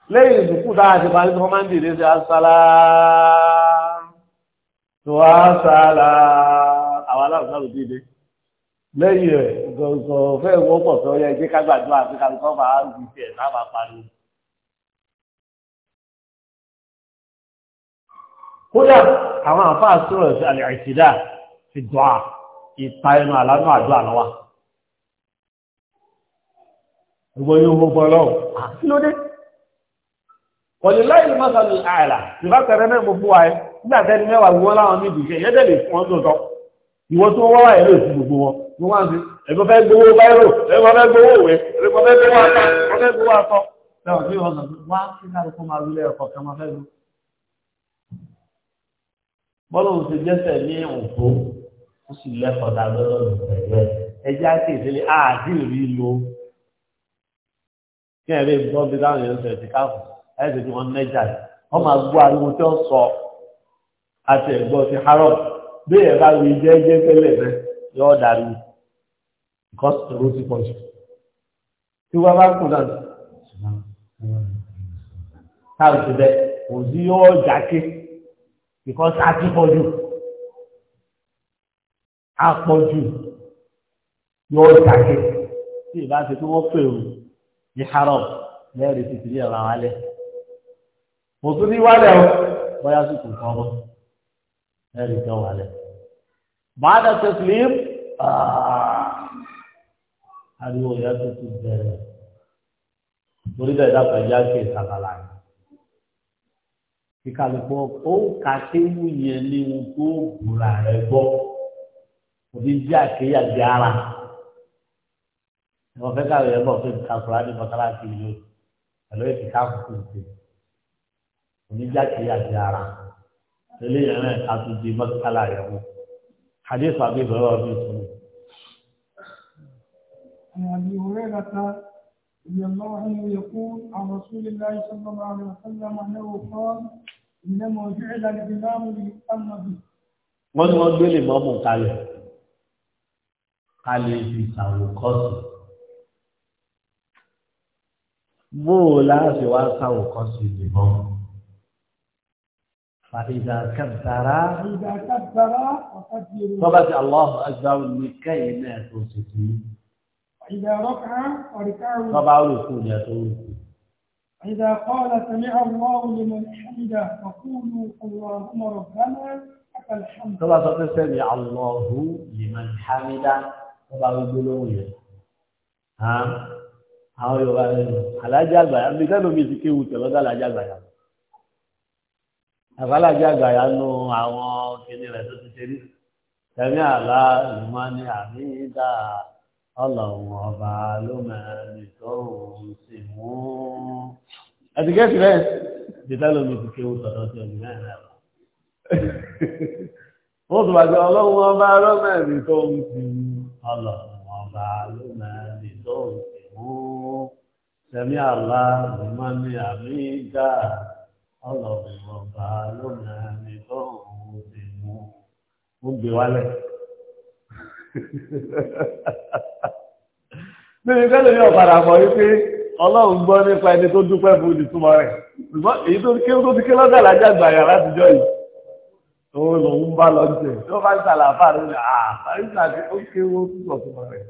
lẹ́yìn ìsìnkú dáa ti parí tí wọ́n máa ń dìde sí asálá tó asálá àwọn aláàbùsáàbù dìde lẹ́yìn rẹ̀ gọ̀ọ̀gọ̀ fẹ́ wọ́pọ̀ tó yẹ kí kágbàdúrà àti kálukọ́ máa ń fi tiẹ̀ sábà pariwo. kódà àwọn àfáà sọ̀rọ̀ sí àlẹ́ àìsídà ti dùn à ìpa ẹnu àlánú àdúrà lọ́wọ́. gbogbo yóò gbogbo ọlọ́run àti lóde wọ̀lélá ìlú mọ́sàlù àìlà ìbátẹ̀rẹ́ náà gbogbo wa ẹ́ nígbàtẹ́ ni mẹ́wàá wọ́n láwọn níbi iṣẹ́ yẹ́dẹ̀ lè fún ọdún tọ́ ìwọ tó wọ́wà ẹ̀ lè fún gbogbo wọn ní wọ́n ti ẹ̀kọ́ fẹ́ gbowó báírò ẹ̀kọ́ fẹ́ gbowó òwe ẹ̀kọ́ fẹ́ gbowó àtọ́ ẹ̀kọ́ fẹ́ gbowó àtọ́ lẹ́wọ̀n tí wọ́n sọ wá sí kálukú máa wí lẹ́ẹ̀kọ́ kẹ́ máa fẹ́ lu. bọ́lá òun ti jẹ́sẹ̀ ní òfò ó sì lẹ́kọ̀ọ́ ta lọ́dọ̀ lùpẹ̀lẹ́ ẹjẹ́ á kéde lé àdìrí lo kí ẹ̀rí gbọ́ bí táwọn èèyàn sọ ẹ̀ ti káàkùn ẹsẹ tí wọn mẹjà yìí wọn máa gbọ́ ariwo tí wọn sọ àti ẹgbọ ti harrod bí ẹ bá wí jẹ́jẹ́ tẹ́lẹ̀ rẹ yóò darí because èrò ti pọ̀ jù tí wọn bá kú náà táwọn ti bẹ òsì yóò jáké because a ti pọ̀ jù a pọ̀ jù yóò jáké tí ìbá ti tí wọn pè ó ní harrod lẹ́rìí ti tìrí ọ̀rọ̀ àwọn alẹ́ mo tún ní wálẹ̀ o bóyá sì kò kọ́ ọ́ ẹ̀rì kan wálẹ̀ máa dá tẹ̀sílìm ariwo ìyá tó ti bẹ̀rẹ̀ torí bẹ́ẹ̀ dábàá ìyá ṣe ìsàkàlà yìí kíkàlùkọ ó kà kéwù yẹn ní ohun tó gbòòrà rẹ gbọ́ òbí jẹ́ àkéyàgbé ara ìwọ̀n fẹ́ káwé ẹ̀ bọ̀ fún ìkàkùrá ní mọ́tàlá kìlú pẹ̀lú ìkàkùrú kìlú onídjáde àti ara eléyìí náà àtúndì mọ́tàlá rẹ̀ wò hadith àbí bẹ̀rẹ̀ ọdún ìṣòro. أبي هريرة رضي الله عنه يقول عن رسول الله صلى الله عليه وسلم أنه قال إنما جعل الإمام ليؤتم به. wọ́n ní wọ́n gbé lè mọ́mù kalẹ̀ kalẹ̀ fi ṣàwòkọ́sì bó o láti wá ṣàwòkọ́sì lè mọ́mù. فَإِذَا كَبَّرَ إذا كبر فكبروا طبعا الله أكبر لكي لا تنصتوا إذا ركع فاركعوا طبعا ركوع يا إذا قال سمع الله لمن حمده فقولوا اللهم ربنا الله لمن حمده طبعا يقولون ها àwọn yorùbá alájà àgbàyà nbí sẹ́nu mi ti kéwù tẹ̀ lọ́dọ̀ alájà àbálájá àgbàyà nu àwọn kìnìún rẹ̀ tó ti ṣe rí tẹ̀mí àlá ìmọ̀ni àmìdá ọlọ́run ọba ló mẹ́rin tó ń sì mú. àtìgẹ́sì rẹ̀ dìtà lómi ti kéwù sọ̀tọ̀ sí omi mẹ́rin rẹ̀ wọ́n tún wájú ọlọ́run ọba ló mẹ́rin tó ń sì mú ọlọ́run ọba ló mẹ́rin tó ń sì mú tẹ̀mí àlá ìmọ̀ni àmìdá ọlọ́run ọba lónàá ní lọ́rùn òde mú mú gbé wálẹ̀. níbi tẹ́lẹ̀ ní ọ̀padà mọ̀ wípé ọlọ́run gbọ́ nípa ẹni tó dúpẹ́ fún ìtumọ̀ rẹ̀ ṣùgbọ́n èyí tó kí tó ti ké lọ́dà lájà gbàyà látijọ́ yìí òun lòun bá lọ jẹ tí wọ́n bá ń sàlàfà rẹ̀ ní àfáríṣà tí ó kéwọ́ tó sọ̀tún rẹ̀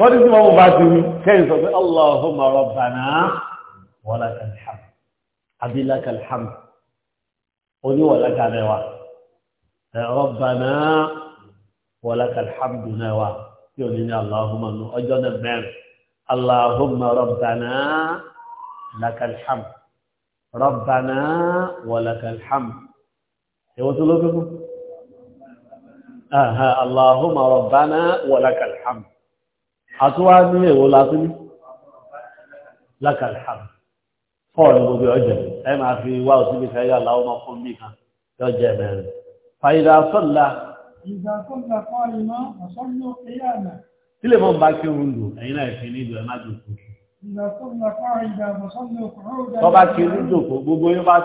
wọ́n ti tí wọ́n bá ti wí kẹ́yìn sọ pé allahumma rabbana walakal hamd abilakal hamd oníwọ̀láka mẹ́wa eh, rabbana walakal hamdu mẹ́wa tí ò ní ní allahumma nù ọjọ́ náà mẹ́rin allahumma rabbana lakal hamd rabbana walakal hamd èwo tó ló fi kú allahumma rabbana walakal hamd àtúwá ní èwo látú ní lákàlhàm fọ́ọ̀lù gbogbo ọjọ́ ẹ máa fi wá òsìlè fẹ́ yà láwọn ọmọ fún mi kan yọjẹ mẹ́rin fàyídà sọ́lá Tílé mọ́ bá kí oòrùn lò, ẹ̀yìn náà fi ní ìlú ẹ má jòkó. Tọ́bá kí oòrùn jòkó, gbogbo yóò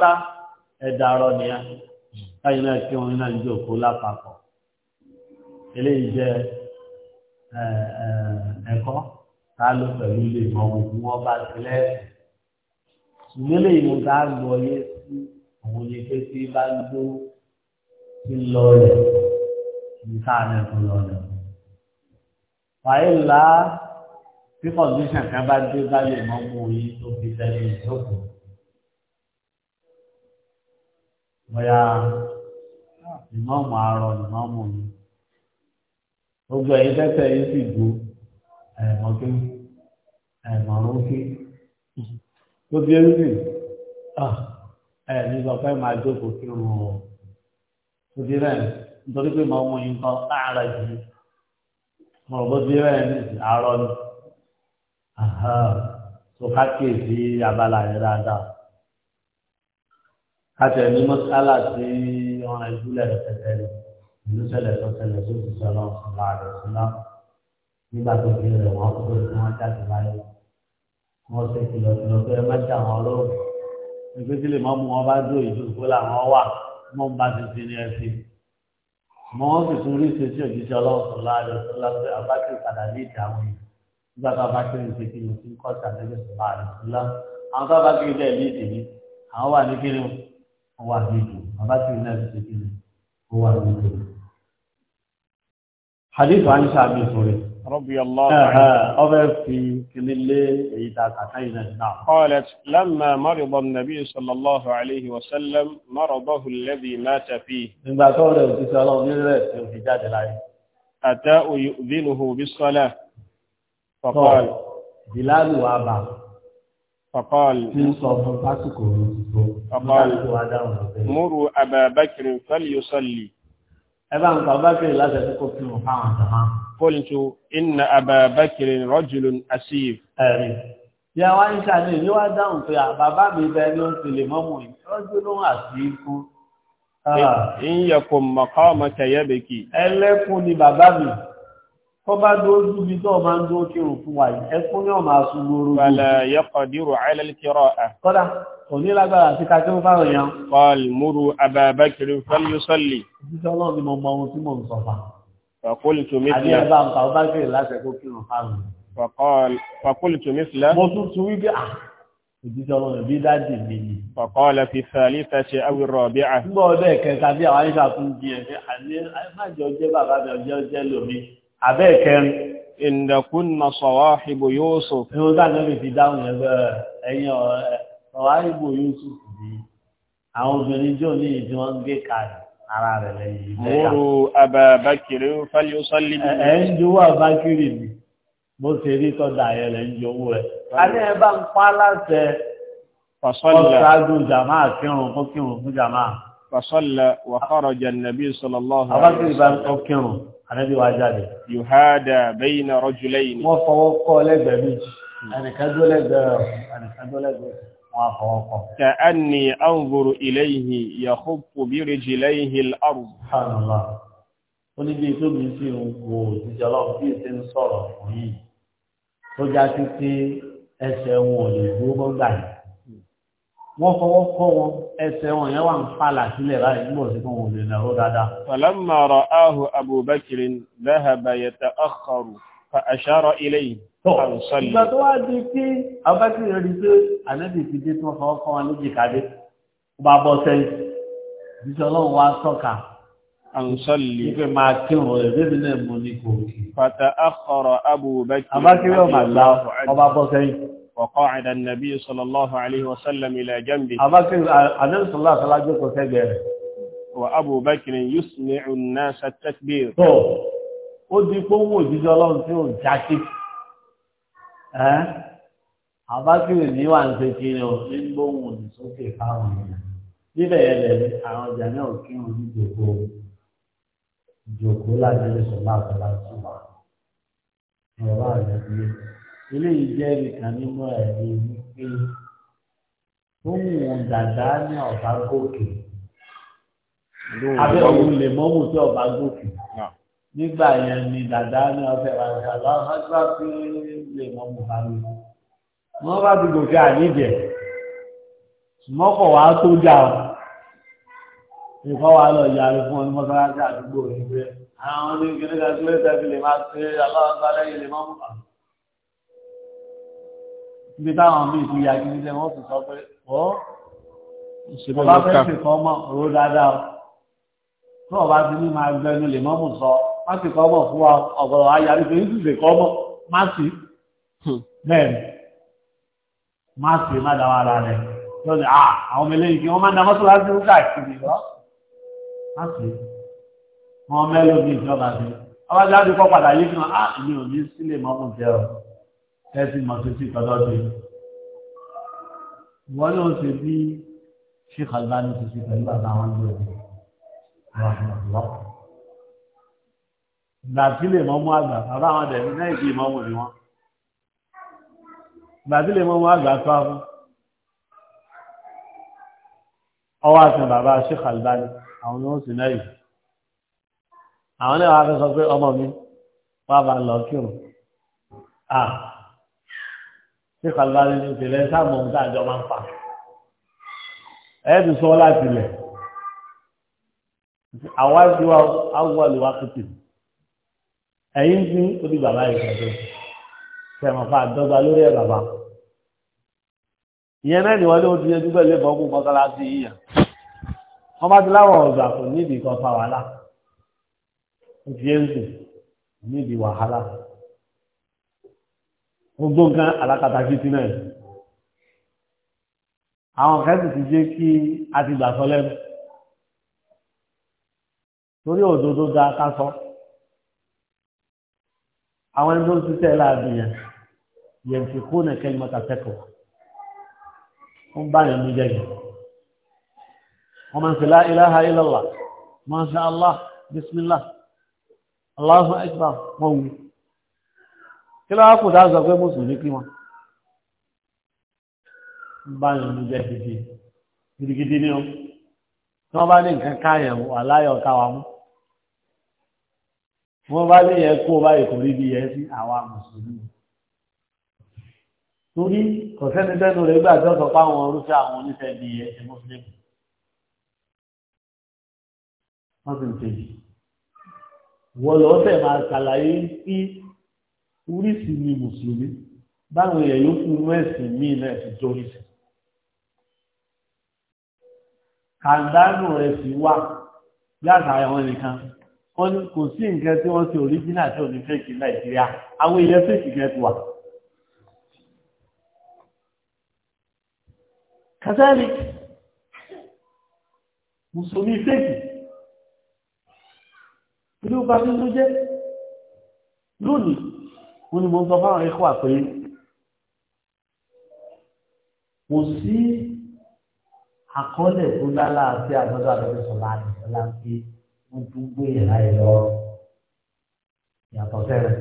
náà kí oòrùn lápapọ̀. Eléyìí jẹ́ ẹ̀kọ́ tá a lò pẹ̀lú ilé ìmọ̀wò bí wọ́n bá ti lẹ́sìn. ṣùgbọ́n lè mú tá a lọ yé sí òun yẹ pé tí bá ń dó ti lọ rẹ̀ ní sáànà ẹ̀kọ́ lọ rẹ̀. wàyí ńlá tí kọ̀ǹdíṣàn kan bá dé bá lè mọ́ mú yín tó fi tẹ́lẹ̀ ìjókòó. bóyá ìmọ̀ọ́mù arọ ìmọ̀ọ́mù yín gbogbo ẹ̀yin tẹ́tẹ̀ yìí sì du ẹ̀mọ́ kí ẹ̀mọ́ ló kí tó bí ẹrú sì ẹ̀ ní sọ fẹ́ máa jókòó kí ó rọ̀ tó bí rẹ̀ nítorí pé màá mú yín kan sáàrà jù mọ̀ bó bí rẹ̀ ní àárọ̀ ni tó ká kéèsì abala yẹn dáadáa ká tẹ̀ ní mọ́sálà tí ọ̀ràn ìdúlẹ̀ rẹ̀ tẹ̀lé ìlú ṣẹlẹ̀ tó ṣẹlẹ̀ tó ti sọ lọ sọlá rẹ sọlá nígbà tó fi rẹ wọn kó tí wọn jáde láyé wọn ṣe kìlọ̀ kìlọ̀ pé ẹ má jà wọn lóhùn ẹgbẹ́ tí lè má mú wọn bá dó ìlú kó làwọn wà mọ bá ti ti ní ẹsẹ̀ mọ wọn sì tún rí ṣe sí òjíṣẹ́ Ọlọ́run sọlá rẹ sọlá pé abákẹ́ padà ní ìdáhùn nígbà tó abákẹ́ ń ṣe kìlọ̀ tí kọ́ ṣàtẹ́gbẹ́ sọlá rẹ sọlá àwọn tó abákẹ́ dẹ̀ ní ìdèmí àwọn wà ní kíni wọn wà ní ìdò abákẹ́ náà ti ṣe kíni wọn wà ní ìdò hadith wa aisha bi sori radiyallahu anha ọbẹ̀ fi kìlílé èyí ta kàkà ilẹ̀ náà qalat lamma marida an-nabi sallallahu alayhi wa sallam maradahu alladhi mata fihi nígbà tó rẹ̀ òtí sọ ọlọ́run ní rẹ̀ tí ó fi jáde láyé ata yu'dhinuhu bis-salah faqal bilalu wa ba faqal tí sọ fún pásítọ̀ faqal muru Aba Bakr falyusalli ẹbá ń pa bákìrì láti ẹ̀sùn kó kí wọn fáwọn àtàmá. kóńtù iná àbàbákìrì rọ́jùlù asif. ẹ̀rí bí a wá ń ṣàlẹ̀ ní wá dáhùn pé bàbá mi bẹ ní oṣù lè mọ́mù yìí rọ́jùlù àti ikú. ìyẹ̀kùn mọ̀kọ́ ọmọ kẹyẹ́bẹ̀kì. ẹlẹ́kùn ni bàbá mi tó bá dójú bí tó bá ń dó kírùn fún wa ẹkún ní ọmọ asúgbòrò bala yaqdiru ala al-qira'ah kọ́dá kò ní lágbára sí ká kíwọ́n fáwọn èèyàn qal muru Aba Bakr falyusalli títí ọlọ́run ni mo mọ ohun tí mo ń sọ fa faqultu mithla àbí ẹ̀bá ń pa ọba kiri láti ẹ̀kọ́ kírùn fáwọn faqultu mithla mo tún tún wí pé à ah, òjijì ọlọ́run bí dájì mi ni faqala fi thalithati aw ar-rabi'ah nígbà ọdẹ kẹta bí àwọn àyíká tún di ẹ̀ abẹ́ẹ̀kẹrin ìndẹ̀kún na sawahibu Yusuf. ní wọ́n dáná lè fi dáhùn yẹn bẹ́ẹ̀ ẹ̀yìn sawahibu Yusuf yìí àwọn obìnrin jọ ní ìdí wọn gbé kalẹ̀ ara rẹ̀ lẹ́yìn. mòrò àbàbàkiri fálíọ́ sálí. ẹ̀ ń jowó àbákiri ni bó ṣe rí tọ́jà yẹn lẹ́ ń jowó ẹ̀. alẹ́ ẹ bá ń pa láṣẹ ọ̀ṣáájú jàmáà kírun fún kírun fún jàmáà anabi wa jáde. yuhada bayna rajulaini. wọ́n fọwọ́ kọ́ lẹ́gbẹ̀ẹ́ méjì ẹnìkan dó lẹ́gbẹ̀ẹ́ ẹnìkan dó lẹ́gbẹ̀ẹ́ wọ́n fọwọ́ kọ́. ka anni anzuru ilayhi yakhuffu bi rijlayhi al-ard. subhanallah ó ní bí tó bí sí wo òjijì ọlọ́run bí èsì ń sọ̀rọ̀ fún yìí tó já sí pé ẹsẹ̀ wọn ò lè dúró mọ́gbà yìí wọ́n fọwọ́ kọ́ wọn ẹsẹ̀ wọn yẹn wà ń fàlà sílẹ̀ báyìí nígbà tí wọ́n lè náwó dáadáa. falamma ra'ahu abubakar dhahaba yata'akhkharu fa ashara ilayhi an salli. ìgbà tó wá di kí. وقاعد النبي صلى الله عليه وسلم إلى جنبه أبكر أنم صلى الله عليه وسلم وأبو بكر يسمع الناس التكبير ó di pọ́wọ́ òjíjọ́ ọlọ́run tí ó jákè ẹ́ àbákìrì ní wà ń ṣe kí ni ò ní gbóhùn òdìsókè fáwọn èèyàn níbẹ̀ yẹn lẹ̀ àwọn ọjà náà kí wọn ní jòkó jòkó láti lè sọ láti láti wà ẹ̀rọ àjẹsílẹ̀ eléyìí jẹ́ ìkan nínú ẹ̀rí wípé ohun dàda ní ọ̀bá gòkè abẹ́ òun lè mọ́mù tí ọ̀bá gòkè nígbà yẹn ni dàda ní ọ̀fẹ́ àgbà ọ̀hágbá fi lè mọ́mù bá mi wọ́n bá ti gòkè àníjẹ̀ mọ́kọ̀ wá tó jà ọ́ ìfọ́ wa lọ yàrá fún ọ ní mọ́sálásí àdúgbò rẹ̀ pé àwọn oníkèrè kan kílẹ̀ tẹ́fì lè máa ṣe aláwọ̀ sálẹ̀ yìí lè mọ́mù bá mi ibi táwọn bí ìfi yagi nílẹ̀ wọ́n ti sọ pé ọ́ ọba fẹ́ fi kọ́ mọ̀ òwò dáadáa o tí ọba ti ní máa gbẹnu lè mọ́mù sọ má sì kọ́ mọ̀ fún wa ọ̀gọ̀rọ̀ ayárí pé yíṣu lè kọ́ mọ̀ má sì hmm. bẹ́ẹ̀ ni má sì má dáwọ́ ara rẹ̀ lọ́dẹ̀ àwọn ọmọ eléyìí kí wọ́n máa ń da mọ́sálásí ó káàkiri lọ má sì wọ́n mẹ́lòmí ìjọba sí ọba jáde kọ́ padà yé fún wa á ìyẹn ò ní sílẹ̀ mọ́mù jẹ́ o ẹ̀sì mọ̀tútù tọ́lọ́dún wọ́n ló ṣe bí Sheikh Albani ti ṣe pẹ̀lú bàbá wọn ní òde rahmanlọ́ gbàtílẹ̀ mọ́mú àgbà bàbá wọn dẹ̀ ní náìjí mọ́mú ni wọ́n gbàtílẹ̀ mọ́mú àgbà tó àwọn ọwọ́ àti bàbá Sheikh Albani àwọn ni wọ́n sì náà yìí àwọn náà wà sọ pé ọmọ mi wà bá lọ kírun ah tí kàlùbárí ní ìṣẹ̀lẹ̀ sáàmù ohun táàjọ máa ń fa ẹ̀ẹ́dù sọ láti ilẹ̀ àwájú awọ́lù wa kìtì ẹ̀yìn ní orí bàbá ìṣẹ̀lẹ̀ sẹ̀mọ̀fà dọ́gba lórí ẹ̀ bàbá ìyẹn náà ni wọ́n ní oṣù yẹn dúpẹ́ lé bọ́ọ̀kú mọ́sálásí yìí wọ́n bá ti láwọn ọ̀gbà kò nídìí kan fa wàhálà oṣù yẹn ń sùn nídìí wàhálà gbogbo nǹkan alákatakí sí náà àwọn kẹ́sì ti jẹ́ kí a ti gbà sọ lẹ́nu torí òdodo da ká sọ àwọn ẹni tó ń ṣiṣẹ́ láàbìyàn yẹn yẹn fi kó nà kẹ́lí mọ́ta sẹ́kọ̀ọ́ ń bá yẹn mú jẹ́ yẹn wọ́n máa ń ṣe la ilaha illallah masha Allah bismillah Allahu akbar wọ́n wù kí lọ́wọ́ kù dáa sọ pé mùsùlùmí kí wọn ń bá yàn ní jẹ́gidi gidigidi ni ó tí wọ́n bá ní nǹkan káyàn wà láyọ̀ káwa mú wọ́n bá ní yẹn kó báyìí kò rí bí yẹn sí àwa mùsùlùmí torí kò sẹ́ni tẹ́nu rẹ̀ gbà tí wọ́n sọ pé àwọn orúfẹ́ àwọn oníṣẹ́ bí yẹn ṣe mùsùlùmí wọ́n sì ń tẹ̀lé wọ́n lọ́ọ́ fẹ́ máa ṣàlàyé sí oríṣi ni mùsùlùmí báwọn èèyàn yóò fún inú ẹ̀sìn míì náà ti dórí sí. kàńdánù ẹ̀sìn wà yàtà àwọn nìkan kò sí nǹkan ti wọn tí ò ní fẹ́ẹ̀kì nàìjíríà àwọn èèyàn fẹ́ẹ̀kì kan ti wà. kàtàlì mùsùlùmí fẹ́ẹ̀kì ìlú wọ́n ni mo ń sọ fáwọn ikú àpé kò sí àkọọ́lẹ̀ tó lálá àti àgbọ́dọ̀ àdọ́dọ̀ sọ̀rọ̀ àti sọ̀rọ̀ àti wọ́n tún gbé ìhà ẹ̀ lọ yàtọ̀ fẹ́rẹ̀.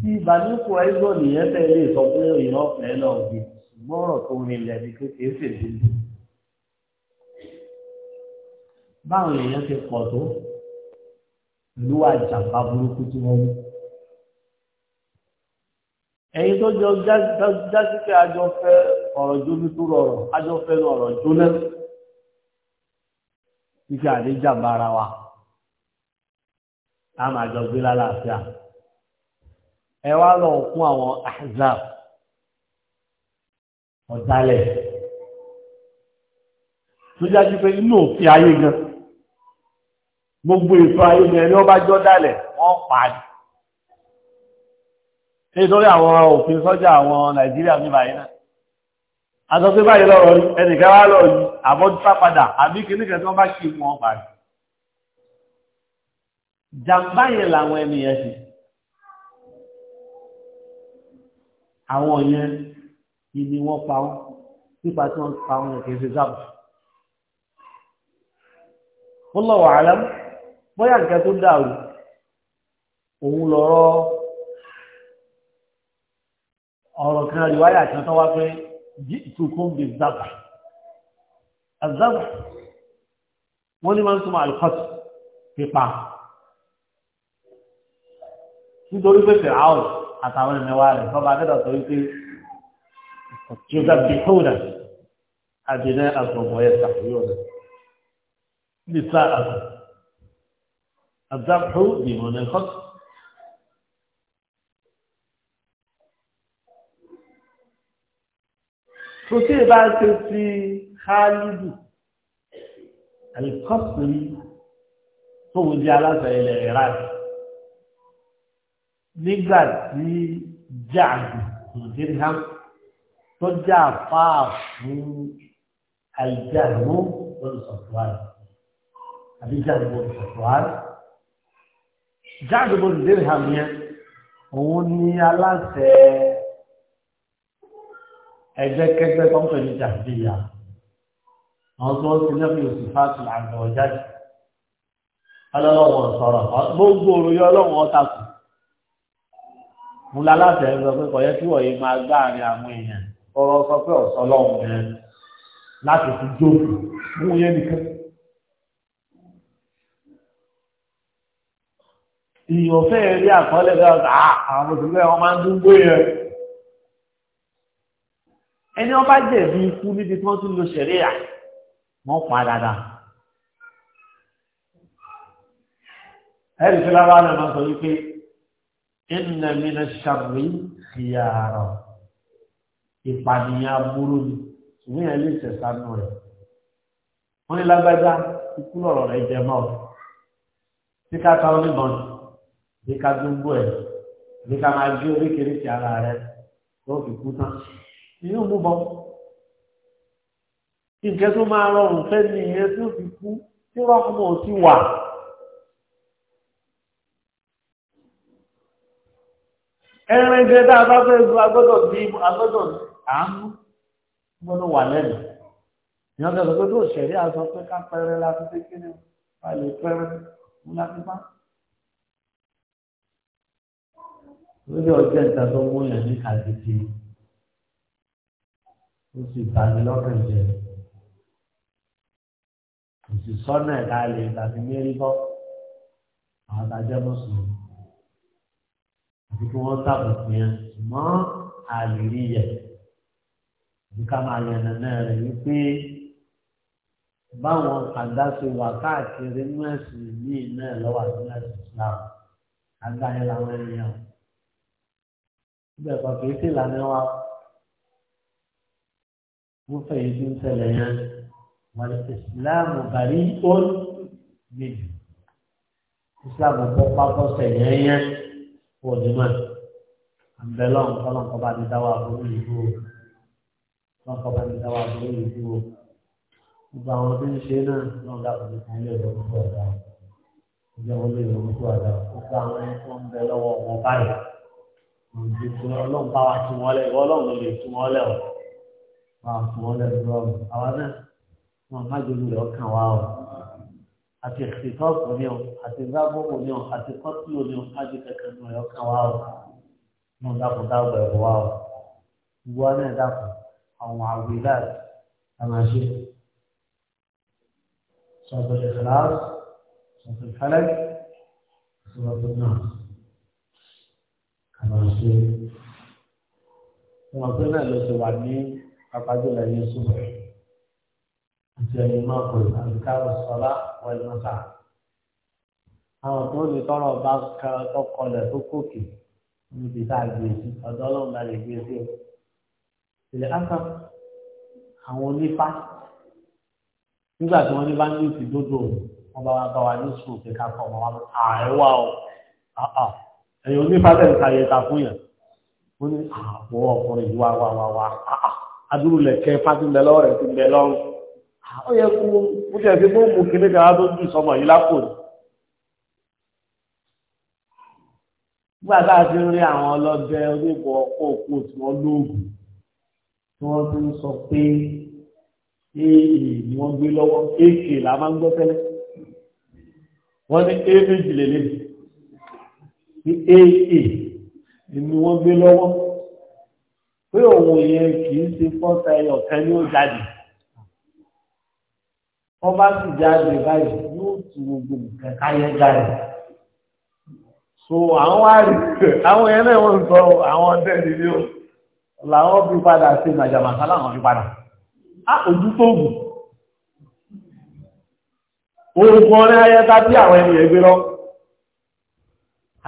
tí ìbánúkú ẹgbọ́n nìyẹn tẹ̀lé sọ pé ìran ọ̀fẹ́ náà di ṣùgbọ́n tó rinlẹ̀ ní kékeré fèdè. báwọn èèyàn ti pọ̀ tó ìlú àjàmbá burúkú tí wọ́n mú. ẹ̀yin tó jọ jásí pé àjọ fẹ́ ọ̀rọ̀ jómi tó rọrọ̀ àjọ fẹ́ ọ̀rọ̀ jóná fífi àdéjàmbá ara wa a máa jọ gbé lálàáfíà ẹ wá lọ fún àwọn ahzab ọ̀dàlẹ̀ tó jáde pé inú òfin ayé gan-an gbogbo ètò ayé ni ẹni ọba jọ dálẹ̀ wọ́n pàdé nítorí àwọn òfin sọ́jà àwọn nàìjíríà ní báyìí náà aṣọ báyìí lọ́rọ̀ ẹnìkan wá lọ yìí àbọ́dúsá padà àbí kìnnìkan tí wọ́n bá kí wọn pàdé jàǹbá yẹn làwọn ènìyàn ṣe àwọn yẹn ìní wọn pa wọn nípa tí wọn pa wọn kì í ṣe sábà. Wallahu a'lam bóyá nǹkan tó dàrú òun lọ́rọ́ ọ̀rọ̀ kan rìwáyà kan tó wá pé ìtukùn bí zaba azaba wọ́n ní máa ń túmọ̀ àlùkọ́tù pípa nítorí pé fìràwọ̀ àtàwọn ẹ̀mẹ̀wá rẹ̀ sọ́ba akẹ́dọ̀ sọ wípé يذبحون أبناءكم ويستحيون نساءكم الذبح بدون الخط tòtí ìbá ṣe ti khalidu alikọ́sìrì tó wù jẹ́ aláṣẹ ilẹ̀ iraq nígbà tí jáàdù nìdírham tó jẹ́ àfáà fún alìjáàmú olùsọ̀tùwárì àbíjáàmú olùsọ̀tùwárì jáde bó ti dérè hàm yẹn òun ní aláṣẹ ẹgbẹ́kẹ́gbẹ́ tó ń pè ní jàdìyà àwọn tó ń ti lẹ́fì òsì fáàtì àgbà ọ̀jáde ọlọ́wọ́n sọ̀rọ̀ gbogbo òròyìn ọlọ́wọ́n ọ̀tà kù mo la aláṣẹ ẹgbẹ́ pé kọ̀yẹ́ kí wọ̀nyí máa gbá àárín àwọn èèyàn ọ̀rọ̀ sọ pé ọ̀sọ́ lọ́wọ́ yẹn láti fi jókòó mú yẹn nìkan. ìyàn fẹ́ rí àkọọ́lẹ̀ bá ah, ọ̀tà àwọn mùsùlùmí wọn máa ń dún gbé yẹn. ẹni wọn bá jẹ̀bi ikú níbi tí wọ́n tún lo ṣẹ̀ríà wọ́n pa dáadáa. ẹ̀rí tí náà máa sọ wípé inna mina sharri khiyara ìpànìyàn aburú ni ìwé yẹn lè ṣẹ̀sánú rẹ̀. wọ́n ní lágbájá ikú lọ̀rọ̀ rẹ̀ jẹ mọ́ ọ. Tí ni bí ká dúgbò ẹ̀ bí ká máa jí oríkèéríkèé ara rẹ̀ tó fi kú tán inú mú bọ́ kí nǹkan tó máa rọrùn fẹ́ ni ìyẹn tó fi kú tí rọ́pò ti wà. ẹran jẹ tá a bá fẹ́ lu agbọ́dọ̀ bí agbọ́dọ̀ àánú gbọ́dọ̀ wà lẹ́nu ìyọ́n kẹsàn-án pé tó ṣẹ̀rí àsọ pé ká pẹrẹ la fi kékeré wa lè pẹrẹ mú láti lórí ọjọ́ ìta tó mú yàn ní kàdìdì ó sì bàmí lọ́kàn jẹ kò sì sọ́nà ẹ̀ka lè bàmí mérí bọ́ àwọn àtàjẹ́ mùsùlùmí àti kí wọ́n tàbùkù yẹn mọ́ àlèrí yẹ ní ká máa yàn nàná rẹ̀ wípé báwọn kàńdá ṣe wà káàkiri nú ẹ̀sìn yìí náà lọ́wọ́ àti nú ẹ̀sìn Islam agbáyé làwọn ènìyàn níbẹ̀ kan kì í sì lànà wa wọ́n fẹ́ yìí tí ń ṣẹlẹ̀ yẹn wọ́n ìsìláàmù bàrí ó gbèjì ìsìláàmù bọ́ pápọ́ sẹ̀yẹ́ yẹn wọ́n ní mọ́ àbẹ̀lọ́ nǹkan náà kọ́ba ti dáwọ́ àbúrò ìlú o náà kọ́ba ti dáwọ́ àbúrò ìlú o gbogbo àwọn tó ń ṣe náà náà dàpọ̀ nípa ilé ìwé gbogbo ọ̀dà ìjọba ilé ìwé gbogbo ọ̀dà gbogbo àwọn ẹni tó ń bẹ lọ́wọ́ wọn báyìí ọlọ́run bá wa tún wọ́n ìwọ ọlọ́run lè tún wọ́n lẹ̀ bá wa tún wọ́n ìwọ ọlọ́run àwa náà wọn má jòlú rẹ̀ ọkàn wa o àti ìfìtọ́ọ̀kù ni o àti ìgbàgbọ́kù ni o àti kọ́tìlù ni o má jẹ kẹ̀kẹ́ nù rẹ̀ ọkàn wa o náà dákun dáàbò ẹ̀bọ̀ wa o ìwọ náà dákun àwọn àwìn láti àmàṣe sọ̀tò ìfìlà sọ̀tò ìfẹ́lẹ́ sọ̀tò náà àmọ́ ṣe wọn tó náà ló ti wà ní apájọlá yẹn súnmọ́ àti ẹ̀yìn máa kọ àbíká ọ̀sọ́lá wọlé mọ́ta àwọn tó lè tọrọ bá kọkọlẹ̀ tó kókè níbi tá a gbé sí ọ̀dọ́ ọlọ́run la lè gbé sí o ilẹ̀ áńkà àwọn onífá nígbà tí wọ́n ní bá ń ní ìfìdódò wọn bá wá bá wa ní sùn kíkà kọ́ wọn wá ààrẹ wà o ẹ̀yìn onífàtẹ̀ ìta yẹta fún yẹn ó ní àwọ̀ ah, ọkùnrin wá wá wá wá ah, ah, adúrú lẹ̀kẹ́ fásitì lọ́wọ́ rẹ̀ ti bẹ̀ lọ́rùn ó yẹ kó ó jẹ́ sí bó mú kíní kan tó dùn sọmọ yìí lápò ní. nígbà tá a ti ń rí àwọn ọlọ́dẹ oníbọ̀ ọkọ̀ òkú tí wọ́n lóògùn tí wọ́n ti ń sọ pé èèyàn ni wọ́n gbé lọ́wọ́ èèkè là máa ń gbọ́ tẹ́lẹ̀ wọ́n ní èèméjì lélẹ́yìn ní aa inú wọn gbé lọ́wọ́ pé òun yẹn kì í ṣe fọ́ta ẹyọ kan ní ó jáde wọ́n bá sì jáde báyìí yóò tu gbogbo nǹkan káyé jáde so àwọn àrí àwọn yẹn náà wọ́n sọ àwọn ọdẹ nílé o làwọn fi padà ṣe nàìjàmàṣá làwọn fi padà á ojú tó gùn oògùn ọ̀rẹ́ ayẹta tí àwọn ẹni ẹgbẹ́ lọ́wọ́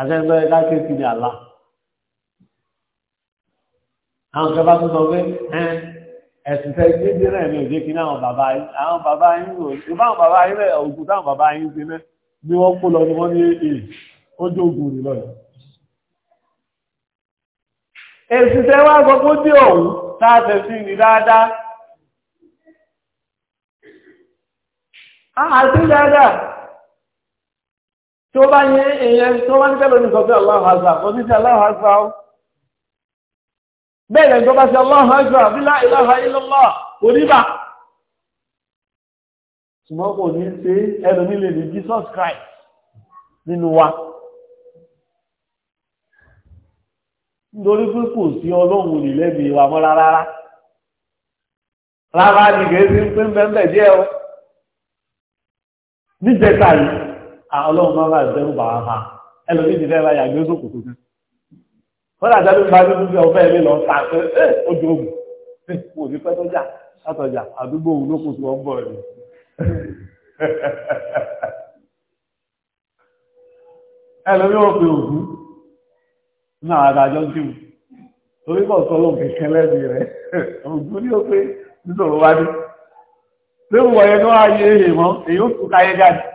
àtẹ́gbẹ́ láti ti ní àlá àwọn ìjọba tó sọ pé ẹ̀sùn tẹ́ gbé dé náà ní òjé kí náà bàbá yín àwọn bàbá yín ah ìbá àwọn bàbá yín rẹ̀ ògùn táwọn bàbá yín ti ná bí wọ́n kó lọ ni wọ́n ní èè ó jó ògùn rè lọ. ẹ̀sùn tẹ́ wá sọ pé ah dé ọ̀hún tá a tẹ̀ sí ní dáadáa. àti dáadáa tí ó bá yẹ èèyàn tó bá ń tẹ́lẹ̀ ní sọ́kẹ́ Allahu Akbar kò ní sí Allahu Akbar ó bẹ́ẹ̀ lẹ́yìn tó bá sí Allahu Akbar bí la ilaha illallah kò ní bà ṣùgbọ́n kò ní ṣe ẹnu nílé ní nítorí pé sí ọlọ́run nílẹ́bi wa mọ́ rárá rárá ni kìí ń pín bẹ́ẹ̀ bẹ́ẹ̀ díẹ̀ o níjẹta yìí ọlọ́run máa bá ìdẹ́rù bàá ha ẹlòmíì ti fẹ́ bá yàgbé sókòtò kan wọ́n àti àdúgbò bá dúdú bí ọ̀fẹ́ mi lọ ta pé ẹ ojú ogun kò ní pẹ́ tọ́jà látọjà àdúgbò òun ló kù sí wọn bọ̀ rẹ̀. ẹlòmíì ò pe òkú náà adájọ́ ń tìmù torí kò sọ lóun kẹ̀kẹ́ lẹ́bi rẹ̀ òkú ni ó pé nítorí wá dé. lóòwọ̀ yẹn ni wọ́n èèmọ́ èyí ó tún káyé jáde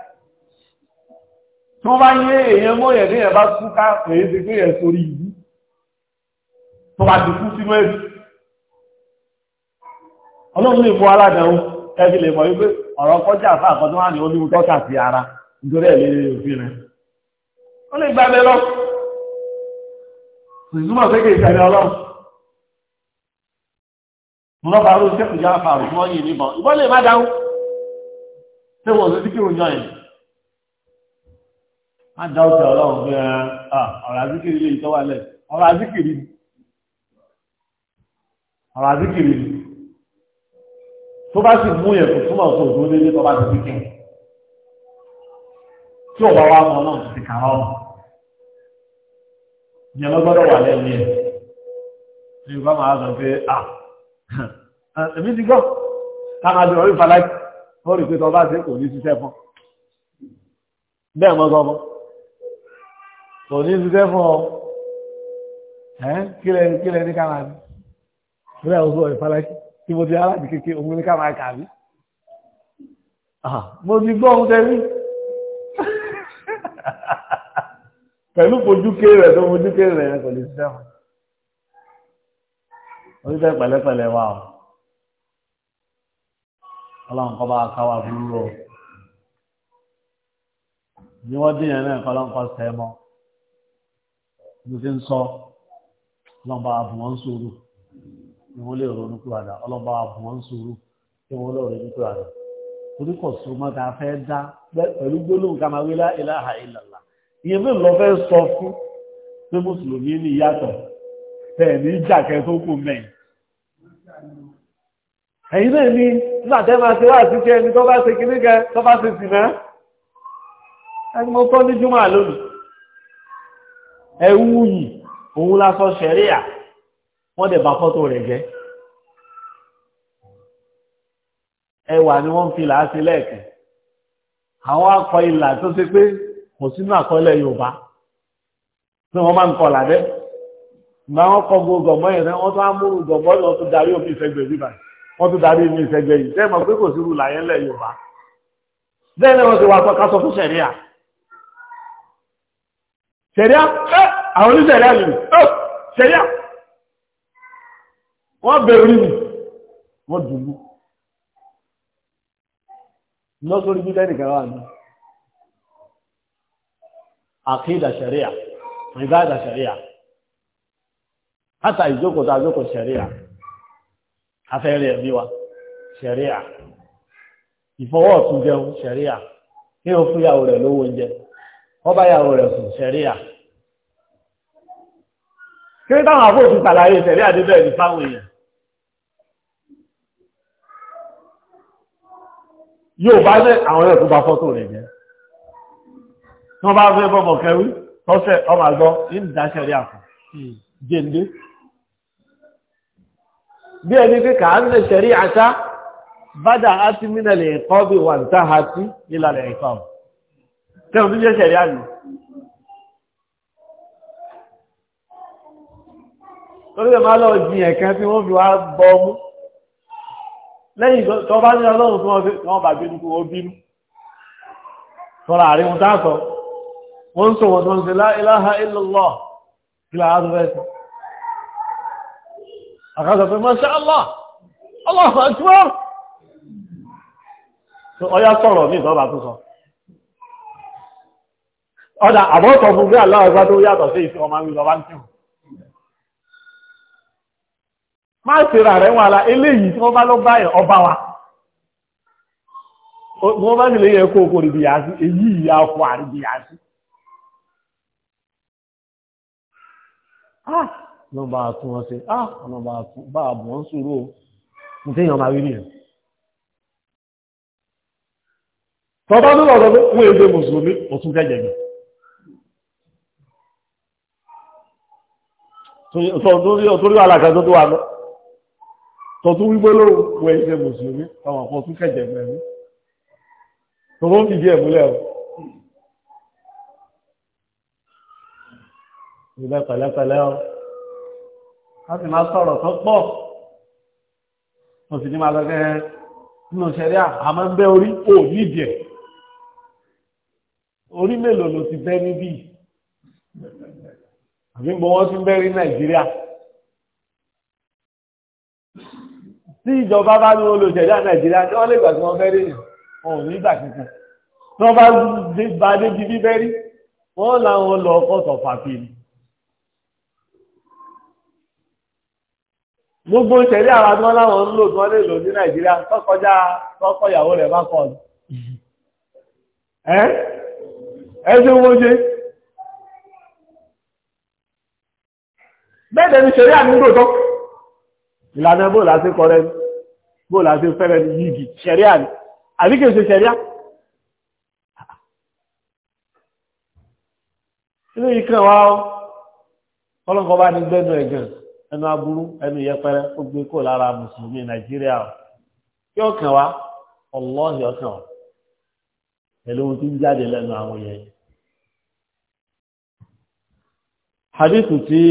tó bá yé èèyàn mọ́yẹ̀ ní ẹ̀bá kú ká èyí ti pé ẹ̀ sórí yìí tó bá ti kú sínú ẹ̀sì ọlọ́run lè fún aládàáwó ẹbí lè mọ̀ wípé ọ̀rọ̀ kọjá fún àkọ́ tó wà ní oníwu tọ́ka sí ara nítorí ẹ̀ lè rí òfin rẹ̀ ó lè já farú fún ọyìn níbọn ìbọn lè má dáwó ṣé wọn ò sí kí òun yọ má dá ọ̀tẹ̀ ọlọ́run pé ọ̀rọ̀ àzíkìrì lè tọ́wà lẹ̀ ọ̀rọ̀ àzíkìrì ọ̀rọ̀ àzíkìrì tó bá sì mú ẹ̀kùn túnmọ̀ tó dúró délé tó bá ti fi kẹ́ẹ̀ tí ọ̀bá wa mọ̀ náà ti kàrọ̀ ọ̀nà ìyẹn ló gbọ́dọ̀ wà lẹ́nu ẹ̀ ní ìgbà máa sọ pé à èmi ti gbọ́ ká máa bẹ̀rẹ̀ orí ó rí pé tọ́ bá ti kò ní ṣiṣẹ́ fún bẹ́ẹ̀ mọ́ sọ kò ní ṣiṣẹ́ fún ọ kílẹ̀ kílẹ̀ ní káwọn àbí kílẹ̀ oṣù ìfàlàkì tí mo ti aláàbí kéke òun ní káwọn àkàbí mo ti gbọ́ ohun tẹ́lí pẹ̀lú fojúké rẹ̀ tó fojúké rẹ̀ kò lè ṣiṣẹ́ fún oníṣẹ́ pẹ̀lẹ́pẹ̀lẹ́ wa o ọlọ́run kọ́ bá káwà burú o ní wọ́n dín yẹn náà kọ́ lọ́nkọ́ sẹ́mọ́. ló fi ń sọ ọlọ́ba àbùwọ́n sùúrù ni wọ́n lè ronú pìwàdà ọlọ́ba àbùwọ́n sùúrù ni torí kò mọ́ fẹ́ dá pẹ̀lú gbólóhùn ká máa wí lá ilaha illallah ìyẹn fún lọ sọ fún pé mùsùlùmí ní ìyàtọ̀ bẹ́ẹ̀ ní ìjàkẹ́ tó kù mẹ́yìn ẹ̀yìn náà ni nígbàtẹ́ máa ṣe wá ẹwú yìí òun lásọ ṣẹ̀ríà wọ́n dẹ̀ bá fọ́tò rẹ̀ jẹ́ ẹwà ni wọ́n fi làásí lẹ́ẹ̀kẹ́ àwọn akọ ilà tó ṣe pé kò sínú àkọọ́lẹ̀ Yorùbá tí wọ́n máa ń kọlà dẹ́ ìgbà wọn kọ gbogbo gọ̀mọ́ yẹn wọ́n tó á múrù gọ̀mọ́ lọ tó darí omi ìfẹ́gbẹ̀ bíbà wọ́n tó darí omi ìfẹ́gbẹ̀ yìí tẹ́ mọ̀ pé kò sí rúlà yẹn lẹ̀ Yorùbá bẹ́ẹ̀ ni wọ́n ti wá kásọ fún ṣẹ̀ríà ṣẹ̀ríà ẹ́ àwọn oníṣẹ̀lẹ̀ àlè ó ṣẹlẹ̀ wọ́n bẹ̀rù nínú wọ́n dùnú lọ́sọ̀rọ̀ bí lẹ́nìkan wà ní àkídà ṣẹ̀ríà ìbádà ṣẹ̀ríà hátà ìjókòtà àjókò ṣẹ̀ríà afẹ́rẹ́ ẹ̀mí wa ṣẹ̀ríà ìfọwọ́ ọ̀tún jẹun ṣẹ̀ríà kí o fún yàwó rẹ̀ lówó oúnjẹ wọ́n rẹ̀ sùn ṣẹ̀ríà kí ní táwọn àbò òfin tàlàyé tẹ̀lé àdébẹ̀ ní fáwọn èèyàn yóò bá ní àwọn ẹ̀rọ tó bá fọ́tò rẹ̀ jẹ́ tí wọ́n bá fẹ́ bọ́mọ̀ kẹwí tọ́sẹ̀ ọmọ àgbọ́ ní ìdáṣẹ́ rí àfọ́ hmm. jẹ́ndé bí ẹni pé kàá ní ṣẹ̀rí àṣá bádà á ti mí nàlẹ̀ ẹ̀kọ́ bí wà ní táhà sí nílànà ẹ̀kọ́ torí ẹ̀ máa lọ jiyàn kan tí wọ́n fi wá bọ́ mú lẹ́yìn tó bá ní ọlọ́run fún wọn bá bínú kú ó bínú sọ́ra àríwọ̀n dáàtọ̀ wọ́n ń sọ wọ́n tó ń ṣe la ilaha illallah kí láàá tó fẹ́ sí àkásọ̀ pé masha Allah Allahu akbar ọya sọ̀rọ̀ ní ìtọ́bà tó sọ ọdá àbọ́tọ̀ fún bí aláwọ̀ ẹgbá tó yàtọ̀ sí ìfẹ́ ọmọ ìlọ́wà ń tíhùn má ṣe rà rẹ̀ eléyìí tí wọ́n bá lọ bá yẹn ọba wa wọ́n bá sì lè yẹ kó kó rìbì sí èyí ìyá ọkọ̀ àrìbì sí. Ah! ló bá a tún wọn ṣe ah! ọ̀nà bá a bọ̀ ń o tọ́tún wípé ló wọ ẹ̀ṣẹ̀ mùsùlùmí àwọn àpọ̀ tún kẹ̀jẹ̀ pẹ̀lú tó ló ń fìdí ẹ̀ múlẹ̀ o. ìgbà pẹ̀lẹ́pẹ̀lẹ́ o a sì máa sọ̀rọ̀ tó pọ̀ mo sì ní máa lọ kẹ́ nínú ṣẹ̀rí àmọ́ ń bẹ́ orí o nídìí ẹ̀ orí mélòó ló ti bẹ́ níbí àbí gbọ́ wọ́n ti bẹ́ rí Nàìjíríà. tí ìjọba bá ní olóṣèlú nàìjíríà tí wọ́n lè gbà tí wọ́n fẹ́ rí wọn ò ní gbà kankan tí wọ́n bá bá débi bíbẹ́ rí wọ́n làwọn lọ kọ́tọ̀ fàfihàn. gbogbo ìṣẹ̀lẹ̀ àwọn tí wọ́n láwọn ń lò tí wọ́n lè lò ní nàìjíríà tọ́kọjá tọ́kọ̀yàwó rẹ̀ bá kọ́ ẹ́ ẹ́ ṣe wọ́n ṣe bẹ́ẹ̀ tẹ̀lé ìṣẹ̀lẹ̀ àdúgbò tán ìlànà bóòlà sí kọrẹ bóòlà sí fẹ́rẹ̀ yìí ṣẹ̀ríà ní àríkè ṣe ṣẹ̀ríà inú ikẹ́ wá ọlọ́kọ̀ bá ní gbẹ́nu ẹ̀gàn ẹnu aburú ẹnu yẹpẹrẹ ó gbé kó lára mùsùlùmí nàìjíríà kí ọkàn wá ọlọ́ọ̀hìn ọkàn wá tí ń jáde lẹ́nu àwọn yẹn hadithu tí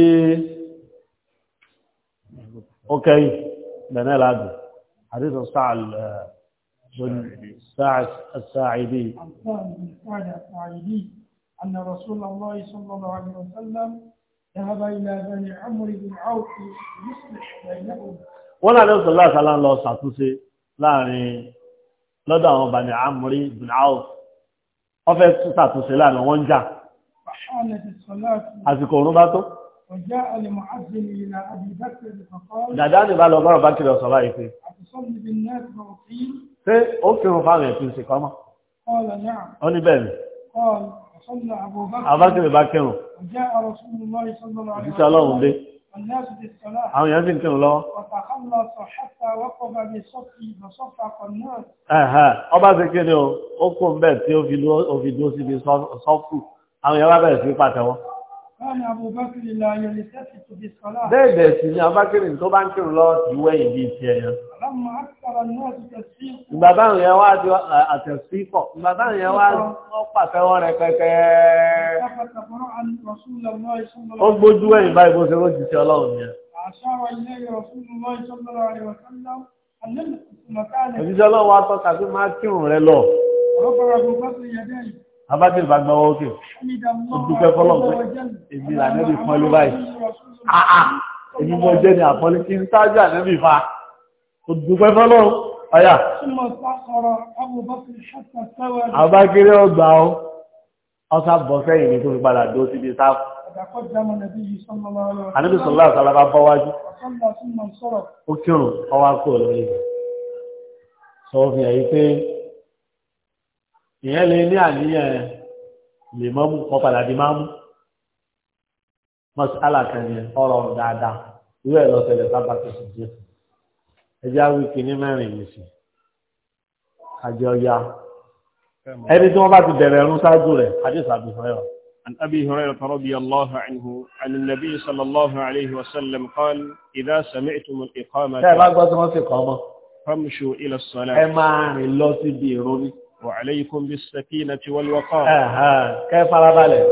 اوكي لنا لعب حديث الساعة الساعة الساعدي الساعدي أن رسول الله صلى الله عليه وسلم ذهب إلى بني عمرو بن عوف يصلح بينهم wọ́n láàrin ọ̀sán láàrín sálá ń lọ ṣàtúnṣe láàrin lọ́dọ̀ àwọn Bani Amri bin Auf wọ́n fẹ́ ṣàtúnṣe láàrin wọ́n ń jà àsìkò òun bá tó وجاء لمعزل إلى أبي بكر فقال دادان بقى لو مرة بكر لو صلاة إيه أتصلي بالناس وأقيم إيه أوكي وفاهم يكون سيقامة قال نعم أني بين قال صلى أبو بكر أبو بكر بكر وجاء رسول الله صلى الله عليه وسلم الناس بالصلاة أو يزن كانوا لو وتخلص حتى وقف بصفي فصفق الناس أها أبا ذكر يو أكون بيت يو في دو في دو سي بصفو أو يلا بيت في باتوا bẹ́ẹ̀ bẹ́ẹ̀ sì ni abákẹ́rì tó bá ń kírun lọ ti wẹ́ ìdí ìṣẹ́ yẹn. ìgbà báwọn yẹn wá di àtẹ̀sí pọ̀ ìgbà báwọn yẹn wá wọ́n pàtẹ́wọ́ rẹ pẹ́pẹ́. ó gbójú ẹ̀yìn báyìí bó ṣe ló ti ṣe ọlọ́run abájẹ́ bá gbọ́wọ́ òkè òdúpẹ́ fọ́lọ́pẹ́ èmi lànẹ́bì fún ẹlú báyìí àà èmi mọ́ jẹ́ ní àpọ́lé kí n tájú ànẹ́bì fa òdúpẹ́ fọ́lọ́ ọ̀yà abákiri ọgbà ọ ọsà bọ́ sẹ́yìn ní tó fi padà dó síbi sáfù ànẹ́bì sọ̀rọ̀ láti alábá bọ́ wájú ó kírun ọwá kúrò lórí sọ fún ẹ̀yí pé ìyẹn lè ní àníyàn lè mọ́ mú kọ́ padà di máa mú mọ́sí alákẹ́ni ọ̀rọ̀ dáadáa irú ẹ̀ lọ́sẹ̀lẹ̀ sábà tó sì jẹ́ ẹjẹ́ àwọn ìkíní mẹ́rin yìí àjọ ya ẹni tí wọ́n bá ti bẹ̀rẹ̀ ẹ̀rún ṣáájú rẹ̀ hadith Abi Hurairah. عن أبي هريرة رضي الله عنه عن النبي صلى الله عليه وسلم قال إذا سمعتم الإقامة فامشوا إلى الصلاة وعليكم بالسكينة والوقار آه كيف ربالي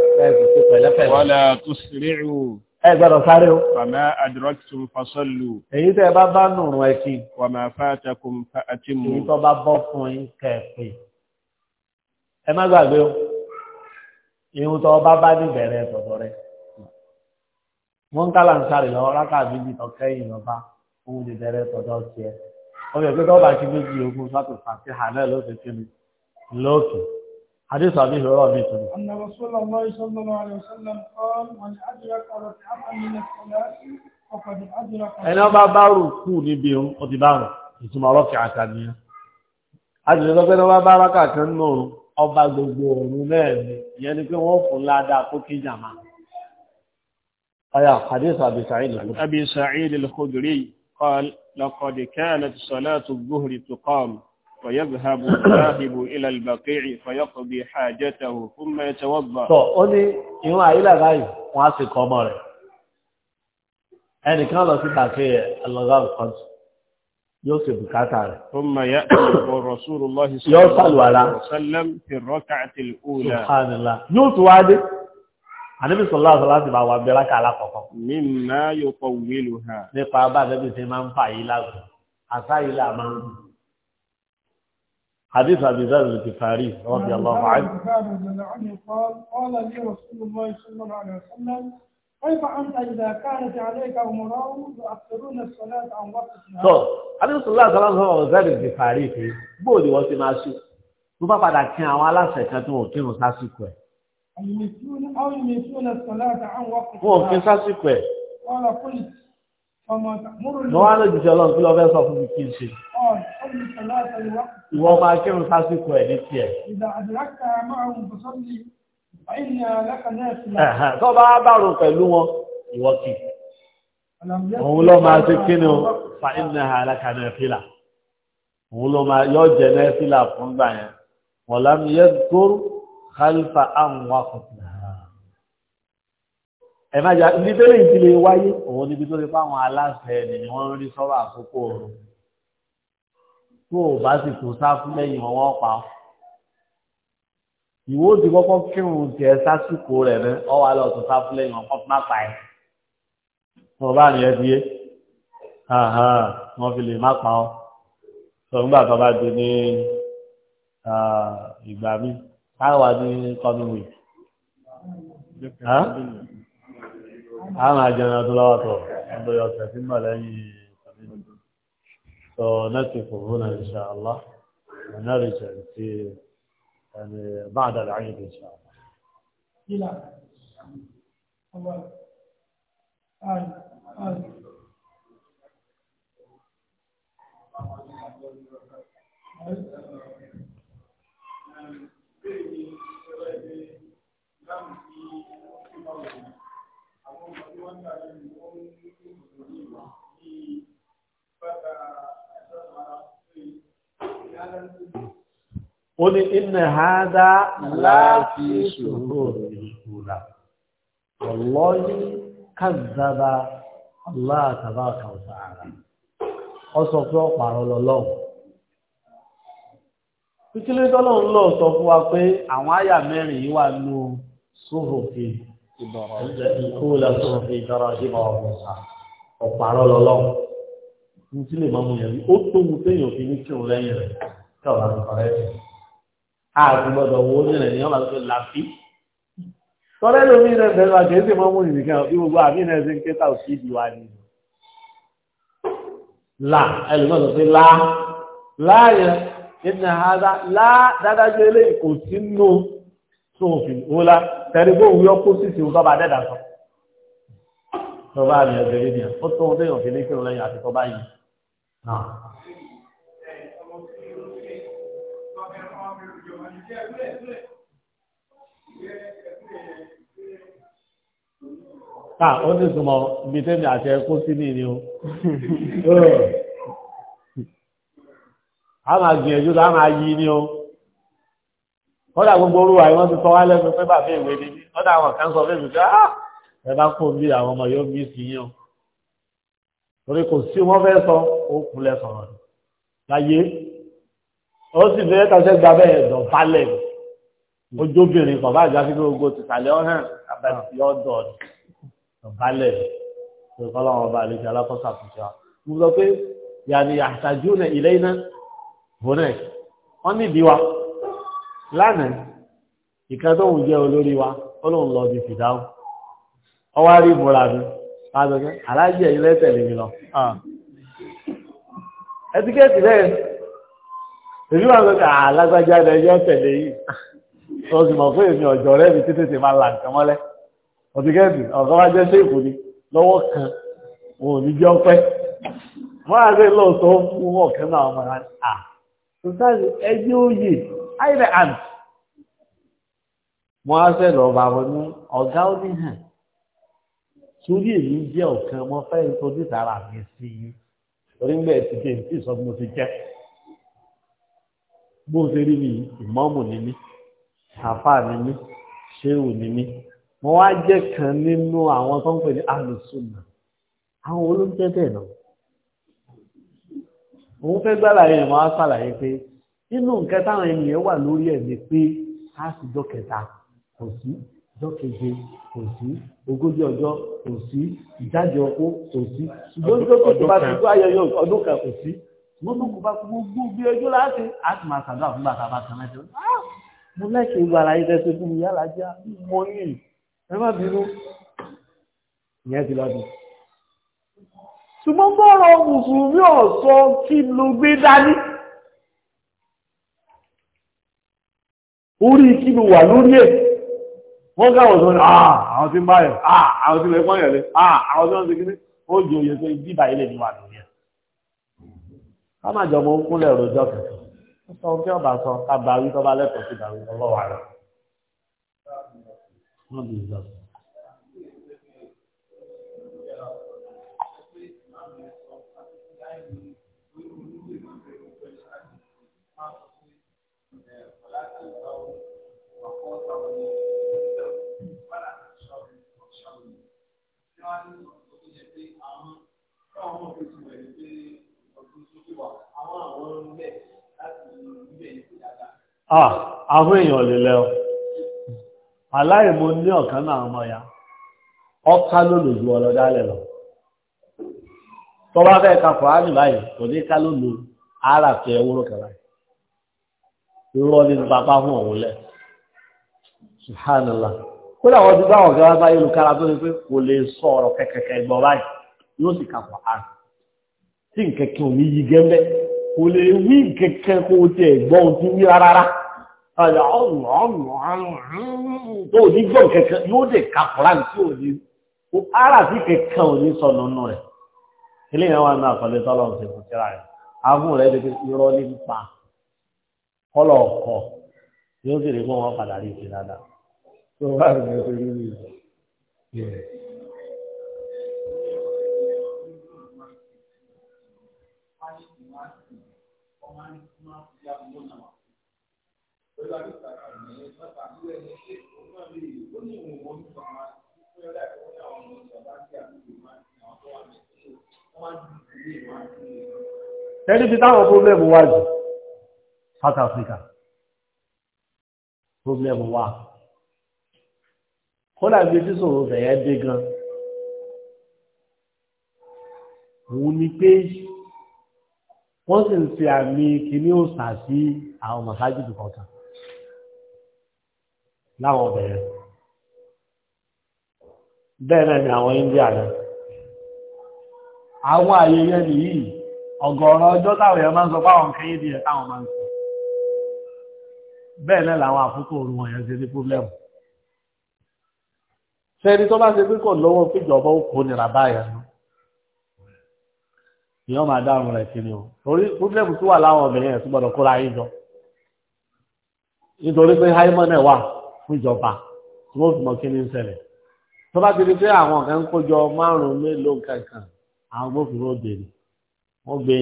ولا تسرعوا ẹgbẹ́dọ̀ sáré o. Fàmá àdìrọ́kìtùm fọ́sọ́lù. Èyí tẹ́ bá bá nùrùn ẹ kí. Wàmà fàtàkùn fàtìmù. Èyí tó bá bọ́ fún yín kẹ̀pẹ́. Ẹ má gbàgbé o. Irun tó bá bá ní bẹ̀rẹ̀ tọ̀tọ̀ rẹ̀. Wọ́n ń kálà ń sáré lọ, rákà méjì tó kẹ́yìn lọ bá òun lè bẹ̀rẹ̀ tọ̀tọ̀ tiẹ̀. Ọbẹ̀ pé tó bá ti méjì ogun sọ́tò fàtí hàn náà ló ti kí mi lókè حديث أبي هريرة بيت أن رسول الله صلى الله عليه وسلم قال من أدرك ركعة من الصلاة فقد أدرك ẹni ó bá bá rùkú níbi ọdí bárùn ìtumọ̀ ọlọ́kì àtàníyàn adìrẹ́ lọ́gbẹ́ náà bá bá rákà kan náà rùn ọba gbogbo ọ̀run náà ìyẹn ni pé wọ́n fún ládàá kó kí jàmá أيا حديث أبي سعيد أبي سعيد الخدري قال لقد كانت صلاة الظهر تقام فيذهب الذاهب إلى البقيع فيقضي حاجته ثم يتوضأ tọ́ ó ní ìwọ̀n àyílẹ̀ báyìí wọ́n á sì kọ́ ọmọ rẹ̀ ẹnìkan lọ sí kàfé ẹlọ́gá kan yóò sì bùkátà rẹ̀. ثم يأتي رسول الله صلى الله عليه وسلم في حديث أبي ذر الغفاري رضي الله عنه قال قال لي رسول الله صلى الله عليه وسلم كيف أنت إذا كانت عليك أمراء يؤخرون الصلاة عن وقتها طب عليه الصلاة والسلام هو ذر الغفاري في بودي وقت ما شو tó bá padà kí àwọn aláṣẹ kan tó wọn kírun sásìkò ẹ. wọn ò kí sásìkò ẹ. wọn mo wá lójú sí ọlọ́run tí lọ fẹ́ sọ fún mi kí n ṣe ìwọ máa kírun sásìkò ẹ̀ ní tiẹ̀ tó bá bàrò pẹ̀lú wọn ìwọ kì òun lọ máa ṣe kíni o fa iná alákanà fílà òun lọ máa yọ jẹ náà fílà fún gbà yẹn wọ̀lámi yẹ́ tó kálífà àwọn akọ̀tìlá ẹ̀májà ibi tó lè ti lè wáyé òun níbi tó lè fáwọn aláṣẹ ẹni ni wọ́n rí sọ́rọ̀ àkókò ọ̀run tó o bá sì tó sá fún lẹ́yìn wọn wọ́n pa ọ́ ìwọ ti kọ́kọ́ kírun tiẹ̀ sásìkò rẹ̀ rẹ ọwọ́ alẹ́ ọ̀tún sá fún lẹ́yìn wọn kọ́ má pa ẹ̀ tó o bá nìyẹn ti yé wọ́n fi lè má pa ọ́ sọ nígbà tó bá di ní ìgbà mi táwa ní kọ́míwì. a máa jẹun ọdún lọ́wọ́ tó ọdún ọ̀sẹ̀ tí mọ̀ lẹ́yìn ìsàmìlì so nẹ́tì fòfún náà insha Allah ẹ̀nẹ́rì jẹ́ ti ẹni بعد العيد ان شاء الله. إلى أول آل آل Thank you. onye ní ha hádá láti ṣòro ìṣòro ọlọ́yí kàzàbà aláàtàbà kàwùsà ara ọ sọ pé ọ̀pàrọ̀ lọ́lọ́wọ́ títí lé tọ́lọ́run lọ sọ fún wa pé àwọn àyà mẹ́rin yìí wà nù ìkú lásán fi ìdára ìbá ọ̀hún sá ọ̀pàrọ̀ lọ́lọ́ ní tí lè máa mú yẹn ó tó mu téèyàn fi ní kírun lẹ́yìn rẹ̀ kí ọ̀la ń kọ̀rẹ́ rẹ̀ àti gbọ́dọ̀ wo ní rẹ̀ ní ọ̀la tó láfi tọ́lẹ́ lómi rẹ̀ bẹ̀rẹ̀ àti ẹ̀sìn máa mú ìrìnkàn bí gbogbo àmì rẹ̀ ṣe ń ké tà òsì ìdí là ẹlòmíràn sọ pé lá láàyè ìdìnnà àdá dáadáa jẹ́ eléyìí kò sí So, òfin wọlá tẹ̀lé bó wí ọkọ sísè wọn bá dẹ́dà sọ. tọ́ba àmì ẹgbẹ́ yìí nìyà ó tó ohun téèyàn fi ní kí wọn lẹ́yìn àti tọ́ba yìí. Ká ó ní ìtumọ̀ ibi tẹ́mi àti ẹkún sí ní ìní [laughs] A máa gbìyànjú láwọn ayé ní o wọ́n dà gbogbo orúwà yìí wọ́n ti sọ wá lẹ́nu pé bàbá ìwé ni mí wọ́n dà àwọn kan sọ fún mi pé ah ẹ bá kó bí àwọn ọmọ yóò mí sí yín o torí kò sí wọ́n fẹ́ sọ ó kulẹ̀ sọ̀rọ̀ ni láyé ó sì fẹ́ tàṣẹ́ gba bẹ́ẹ̀ dọ̀bálẹ̀ ojóbìnrin kọ̀ bá àjà fi gbogbo tìtàlẹ́ ọ̀hán abẹ́tì ọ̀dọ̀ dọ̀bálẹ̀ tó kọ́ láwọn ọba àlejò alákọ̀ọ́sà tuntun mo sọ pé lánàá ìkan tó ń jẹ́ olórí wa ọlọ́run lọ di fìdáhùn ọwá rí ìmúra mi pàtàkì aláàjì ẹ̀yìn lẹ́tẹ̀lé mi lọ ẹtíkẹ́tì lẹ́yìn èmi wà lókè alágbájá rẹ̀ yọ tẹ̀lé yìí tó sì mọ̀ fún èmi ọ̀jọ̀ rẹ̀ mi títí ti máa là nǹkan mọ́lẹ̀ ọtíkẹ́tì ọ̀gá wa jẹ́ séèkù ni lọ́wọ́ kan òun ò ní jẹ́ ọpẹ́ wọ́n á rí lóòótọ́ fún ọ̀kẹ́ náà ọmọ rẹ̀ à tó sáà ẹgbẹ́ òye either hand wọn á fẹ́ lọ bá wọn ní ọ̀gá ó ní hàn sórí èmi jẹ́ ọ̀kan mo fẹ́ nítorí tara mi sí i torí ńgbà ẹ̀sìn kí n tí sọ mo ti jẹ́ bó ṣe rí mi ìmọ̀ọ́mù ni mí àfà ni mí ṣéwù ni mí mo wá jẹ́ kan nínú àwọn tó ń pè ní alùsùnà àwọn olóńtẹ́tẹ̀ náà òun fẹ́ gbàlàyé ẹ̀ máa ṣàlàyé pé nínú nǹkan táwọn ènìyàn wà lórí ẹ̀ ni pé a sì jọ kẹta kò sí jọ keje kò sí ogójì ọjọ́ kò sí ìjáde ọkọ kò sí ṣùgbọ́n tó kò tó bá ti tó ayẹyẹ ọdún kan kò sí wọ́n tó kò bá kó gbogbo bí ojú láti a sì máa ṣàdúrà fún bàtà bàtà mẹ́tẹ́ ah! mo lẹ́kẹ̀ẹ́ ìwà àlàyé tẹ́sí fún mi yálà jẹ́ mo ní ẹ má bínú ìyẹn ti lọ́dún ṣùgbọ́n bọ́ọ̀rọ̀ mùsùlùmí ọ̀sọ́ kí ló gbé dání. orí kí mi wà lórí ẹ̀ wọ́n gáwọ̀ sọ ah, àwọn tí ń bá yẹ̀ ah, àwọn tí lẹ́pọ̀ yẹ̀ lé ah, àwọn tí wọ́n ti kíní ó jẹ òye pé bíbà ilẹ̀ ni wà lórí ẹ̀ ká má jọ mọ ń kúnlẹ̀ rojọ́ kẹsàn án sọ kí ọba sọ ká bá wí tọ́ba lẹ́kọ̀ọ́ sí ìdàrú ọlọ́wà rẹ̀ àwọn èèyàn lè lẹ́ọ aláìmọ̀ ní ọ̀kan náà ọmọ ya ọká lólòjú ọlọ́dálẹ̀ lọ tó fẹ́ kàfọ́ á nìbáyìí kò ní ká lólò ara fẹ́ bàbá fún òun lẹ́ kó làwọn ọdún báwọn ọ̀gá bá yẹ olùkára tó ní pé kò lè sọ ọ̀rọ̀ kẹ̀kẹ̀kẹ̀ ìgbọ̀n báyìí yóò sì kà fún tí nkẹ̀kẹ̀ ò ní yí kò lè wí kó o tiẹ̀ gbọ́ ohun tí ń yí rárá tó o ní gbọ́ nkẹ̀kẹ̀ yóò dé kà fún tí ní ara tí kẹ̀kẹ̀ ò ní sọ nínú rẹ̀ eléyìí wọn náà kọ́lé tọ́lọ́ So why would you say really? Yeah. Tẹ́lí bí táwọn pọ́blẹ́mù wájú, South Africa, pọ́blẹ́mù wájú kódà bí tí sòrò fẹ̀yẹ dé gan òun ni pé wọ́n sì ń ṣe àmì kìíní òsà sí àwọn màsájìdì kọ̀ọ̀kan láwọn ọ̀bẹ̀ yẹn bẹ́ẹ̀ náà ni àwọn India náà àwọn àyè yẹn nìyí ọ̀gọ̀ọ̀rọ̀ ọjọ́ táwọn èèyàn máa ń sọ fáwọn kẹ́yìn díẹ̀ táwọn máa ń sọ bẹ́ẹ̀ náà làwọn àkókò òru wọn yẹn ṣe ní pọ́blẹ́mù sẹ́ni tó bá ṣe pé kò lọ́wọ́ péjọba ó kó nira báyà nù ìyọ́n máa dáhùn rẹ̀ kiri o torí púpọ̀lẹ́pù tó wà láwọn obìnrin ẹ̀ tó gbọ́dọ̀ kóra yín jọ nítorí pé haimon ẹ̀ wà fún ìjọba tí wọ́n fi mọ kí ni ń ṣẹlẹ̀ tó bá ti di pé àwọn kan ń kójọ márùn-ún mélòó kankan àwọn gbófinró bèrè wọ́n gbé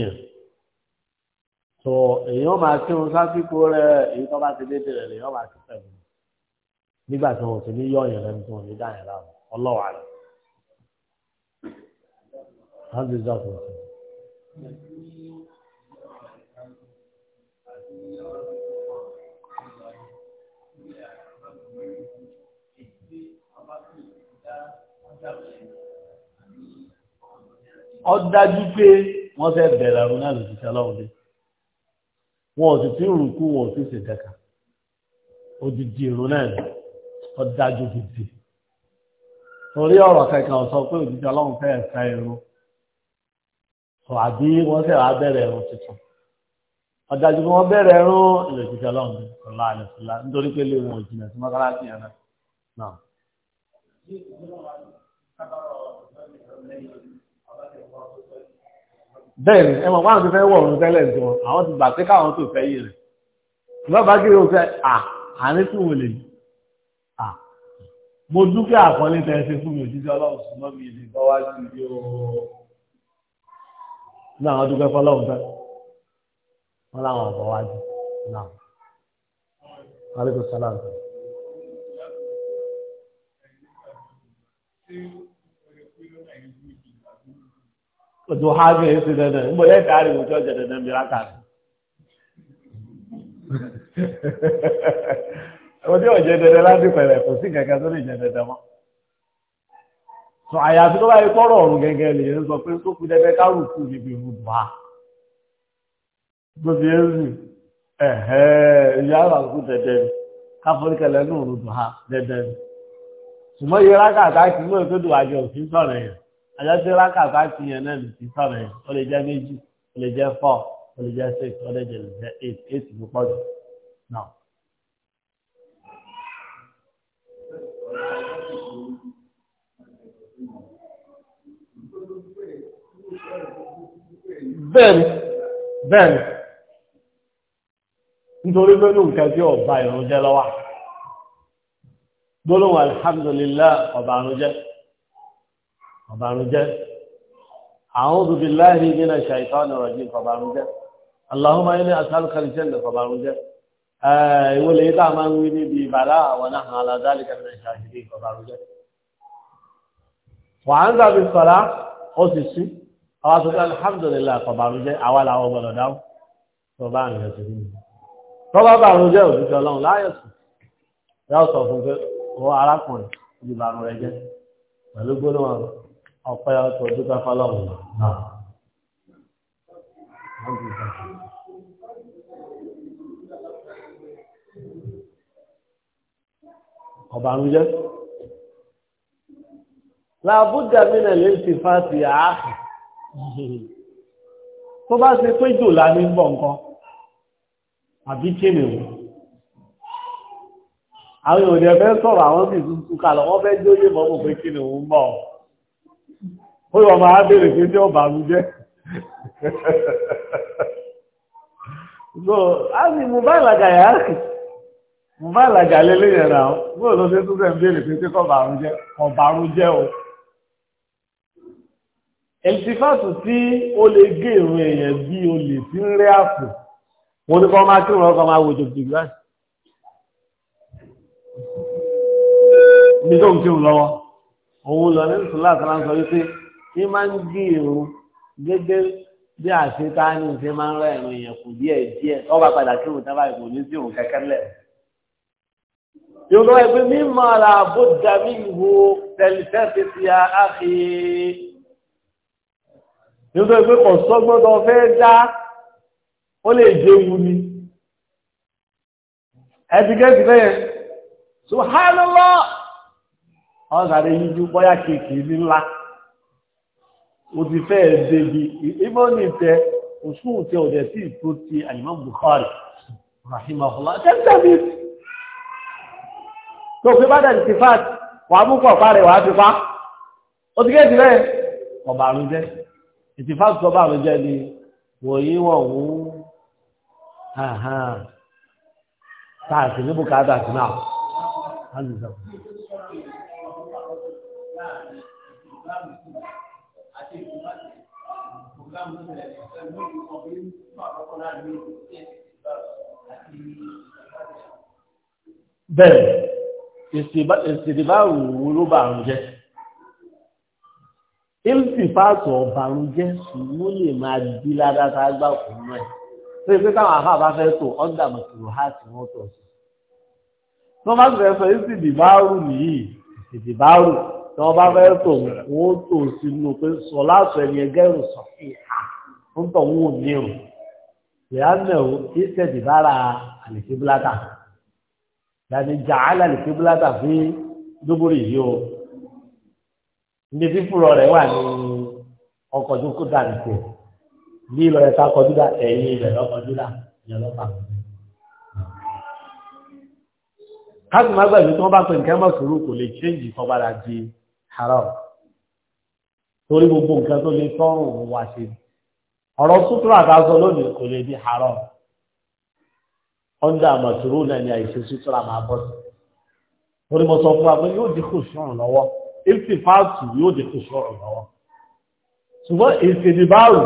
tó èèyàn máa kírun sásìkò rẹ̀ èyí tó bá ti dédé rẹ̀ lèèyàn máa ti pẹ̀lú nígbà tí wọn ò ti ní yọ ọyàn lẹ́nu tí wọn ò ní dáhìn láàmú ọlọ́wà rẹ̀. Hadi zaten. Ó dájú pé wọ́n fẹ́ bẹ̀rẹ̀ àrùn náà lè ṣiṣẹ́ ọlọ́run Wọ́n ò sì tí ń rùkú, wọ́n ò sì ṣèjẹ́ka. Odidi ìrùn náà ni ọ̀dájú gidi torí ọ̀rọ̀ kankan sọ pé òjijì ọlọ́run fẹ́ ẹ̀ka irun ọ̀ àbí wọ́n sì wá bẹ̀rẹ̀ irun tuntun ọ̀dájú bí wọ́n bẹ̀rẹ̀ irun ilẹ̀ òjijì ọlọ́run ní ọ̀la àlẹ́ fúlá nítorí pé lè wọn òjìnà sí mọ́kálásì yẹn náà. bẹ́ẹ̀ni ẹ mọ̀ wọ́n ti fẹ́ wọ̀ ọ̀run tẹ́lẹ̀ tí wọn àwọn ti gbà pé káwọn tó fẹ́ yìí rẹ̀ ìgbà bá kí ló fẹ́ à àárín tí wọ́n yìí mo dúpẹ́ àkọlé tẹ́ẹ̀ṣe fún mi òjíṣẹ́ ọlọ́run súnmọ́ mi ìdí tọ́wájú ní ooo láwọn dúpẹ́ fọlọ́run fẹ́ wọ́n láwọn ọ̀bọ̀ wájú náà alẹ́kùn sálàmù. Ojú ha bí èyí ti dandan, ń bọ̀ yẹ́ káàrí mo tí jẹ dandan bí rákàrí. òde ọ̀jẹ̀ dẹ̀dẹ̀ lásìkò ẹ̀rẹ̀ kò sí kẹ̀kẹ́ tó lè jẹ dẹ̀dẹ̀ mọ́. sọ àyàfi tó bá yẹ kọ́rọ̀ ọ̀run gẹ́gẹ́ lè ń sọ pé sókù dẹ́gbẹ́ ìyá ni ní ni. rákàtà dùn àjọ òfin sọ̀rọ̀ yẹn àjọ tí rákàtà yẹn náà sọ̀rọ̀ yẹn ó lè jẹ́ méjì ó lè jẹ́ four ó lè jẹ́ six ó lè jẹ́ eight eight ló pọ̀ jù náà. bẹ́ẹ̀ni bẹ́ẹ̀ni nítorí pé ní nǹkan tí ọba ìrúnjẹ lọ́wà gbólóhùn alhamdulillah ọba ìrúnjẹ ọba ìrúnjẹ a'udhu billahi minash shaitanir rajim ọba ìrúnjẹ allahumma inni as'aluka al-jannah ọba ìrúnjẹ ìwọlé yìí tá a máa ń wí níbi ìbàlá wa nahnu ala dhalika minash ọba ìrúnjẹ wàá ń gbàgbé ó sì sí àwọn aṣojú alhamdulillah àkọ̀bàrújẹ́ àwa làwọn gbọ́dọ̀ dáhùn tó bá rìn ẹ̀sìn nínú tó bá bàrújẹ́ òjúṣe ọlọ́run láyọ̀sùn yóò sọ fún pé ó arákùnrin ibi bàrún rẹ jẹ pẹ̀lú gbólóhùn ọpẹ́ ọtọ dúpẹ́ fọlọ́run náà. ọ̀bàrújẹ́ làbújá mi nà lè ti fa ti àáfì. tó bá ṣe pé jòlá ní bọ̀ nǹkan àbí kéèmì àwọn òní ẹ̀fẹ́ sọ̀rọ̀ àwọn sì tún túkà wọ́n fẹ́ jóyè mọ́mù pé bọ̀ ó yọ bèèrè pé tí a mú bá ìlàjà bá ìlàjà bèèrè o. ẹ̀sìfàtù tí ó lè gé ìrùn èèyàn bí o lè fi ń rẹ́ àpò mo ní kọ́ máa kí ìrùn ọkọ̀ máa wo jòjì gbá mi tó ń kírun lọ́wọ́ òun lọ ní sùn láti máa ń sọ wípé ní máa ń gé ìrùn gẹ́gẹ́ bí àṣetá ní ìṣe máa ń rẹ́ ìrùn èèyàn kù díẹ̀ díẹ̀ tó bá padà kírun tábà ìkò ní sí òun kẹ́kẹ́ lẹ̀ yóò lọ mímọ́ ara bó dàmí ìwo tẹlifẹ́ fi ti àáfíì nítorí pé ọ̀sọ́ gbọ́dọ̀ fẹ́ dá ó lè jẹun ni ẹ̀dìgẹ́sì fẹ́ yẹn subhanallah ọ̀sàdé yíjú bọ́yá kìkì ní ńlá o ti fẹ́ débi ìbọn ní ìtẹ́ òṣù tẹ ọ̀dẹ̀ sí ìtò ti Imam Bukhari rahimahullah tẹ́tẹ́bí tó fi bá dẹ̀ ti fà wà á mú pọ̀ fà rẹ̀ wà á fi fà ó ti gẹ́ẹ̀sì fẹ́ ọ̀bàrún jẹ́ ìtìfáàsì tó bá mi jẹ́ ni wòye wọ̀ ń tààtì ní bùkátà sí náà. Bẹ́ẹ̀, ìsìdìbáwò ló bá àrùn jẹ́ ìlùsìfáàtù ọ̀bàrún jẹ́ ló lè máa di ládàtà gbà fún mẹ́ ṣé pé káwọn afá bá fẹ́ tó ọ̀dà mọ̀tòrò há sí wọ́n tọ̀ sí. tó bá fẹ́ sọ ìsì dìbáàrù nìyí ìsì dìbáàrù tí wọ́n bá fẹ́ tó wọ́n tó sínú pé sọ láti ẹni ẹgẹ́rù sọ sí ìhà ń tọ̀ wọ́n ò ní o ìyáàmẹ̀ o kì í ṣe dìbára àlèkébílátà jàálà àlèkébílátà fún dóbórì yìí o ní ti fúrọ rẹ̀ wà ní ọkọ̀jú kúta nìkú bí ìlọ ẹ̀ka kọjú dà ẹ̀yìn ibẹ̀ lọ́kọjú dà ìyẹn lọ́pàá. káàkiri má gbàgbé tí wọ́n bá pe nǹkan mọ̀ sùúrù kò lè ṣéǹjì kan padà di haram torí gbogbo nǹkan tó lè tọ́rùn òun wá sí ọ̀rọ̀ sútúrà àtàzọ lónìí kò lè di haram ọ̀ndà àmọ̀ sùúrù náà ni àìṣe sútúrà máa bọ́ sí torí mo sọ fún wa pé yóò dínkù sùúrù lọ́wọ́ ìfìfáàtù yóò dé kó sọ ọ̀rọ̀ wọn ṣùgbọ́n ìfìdíbáàrù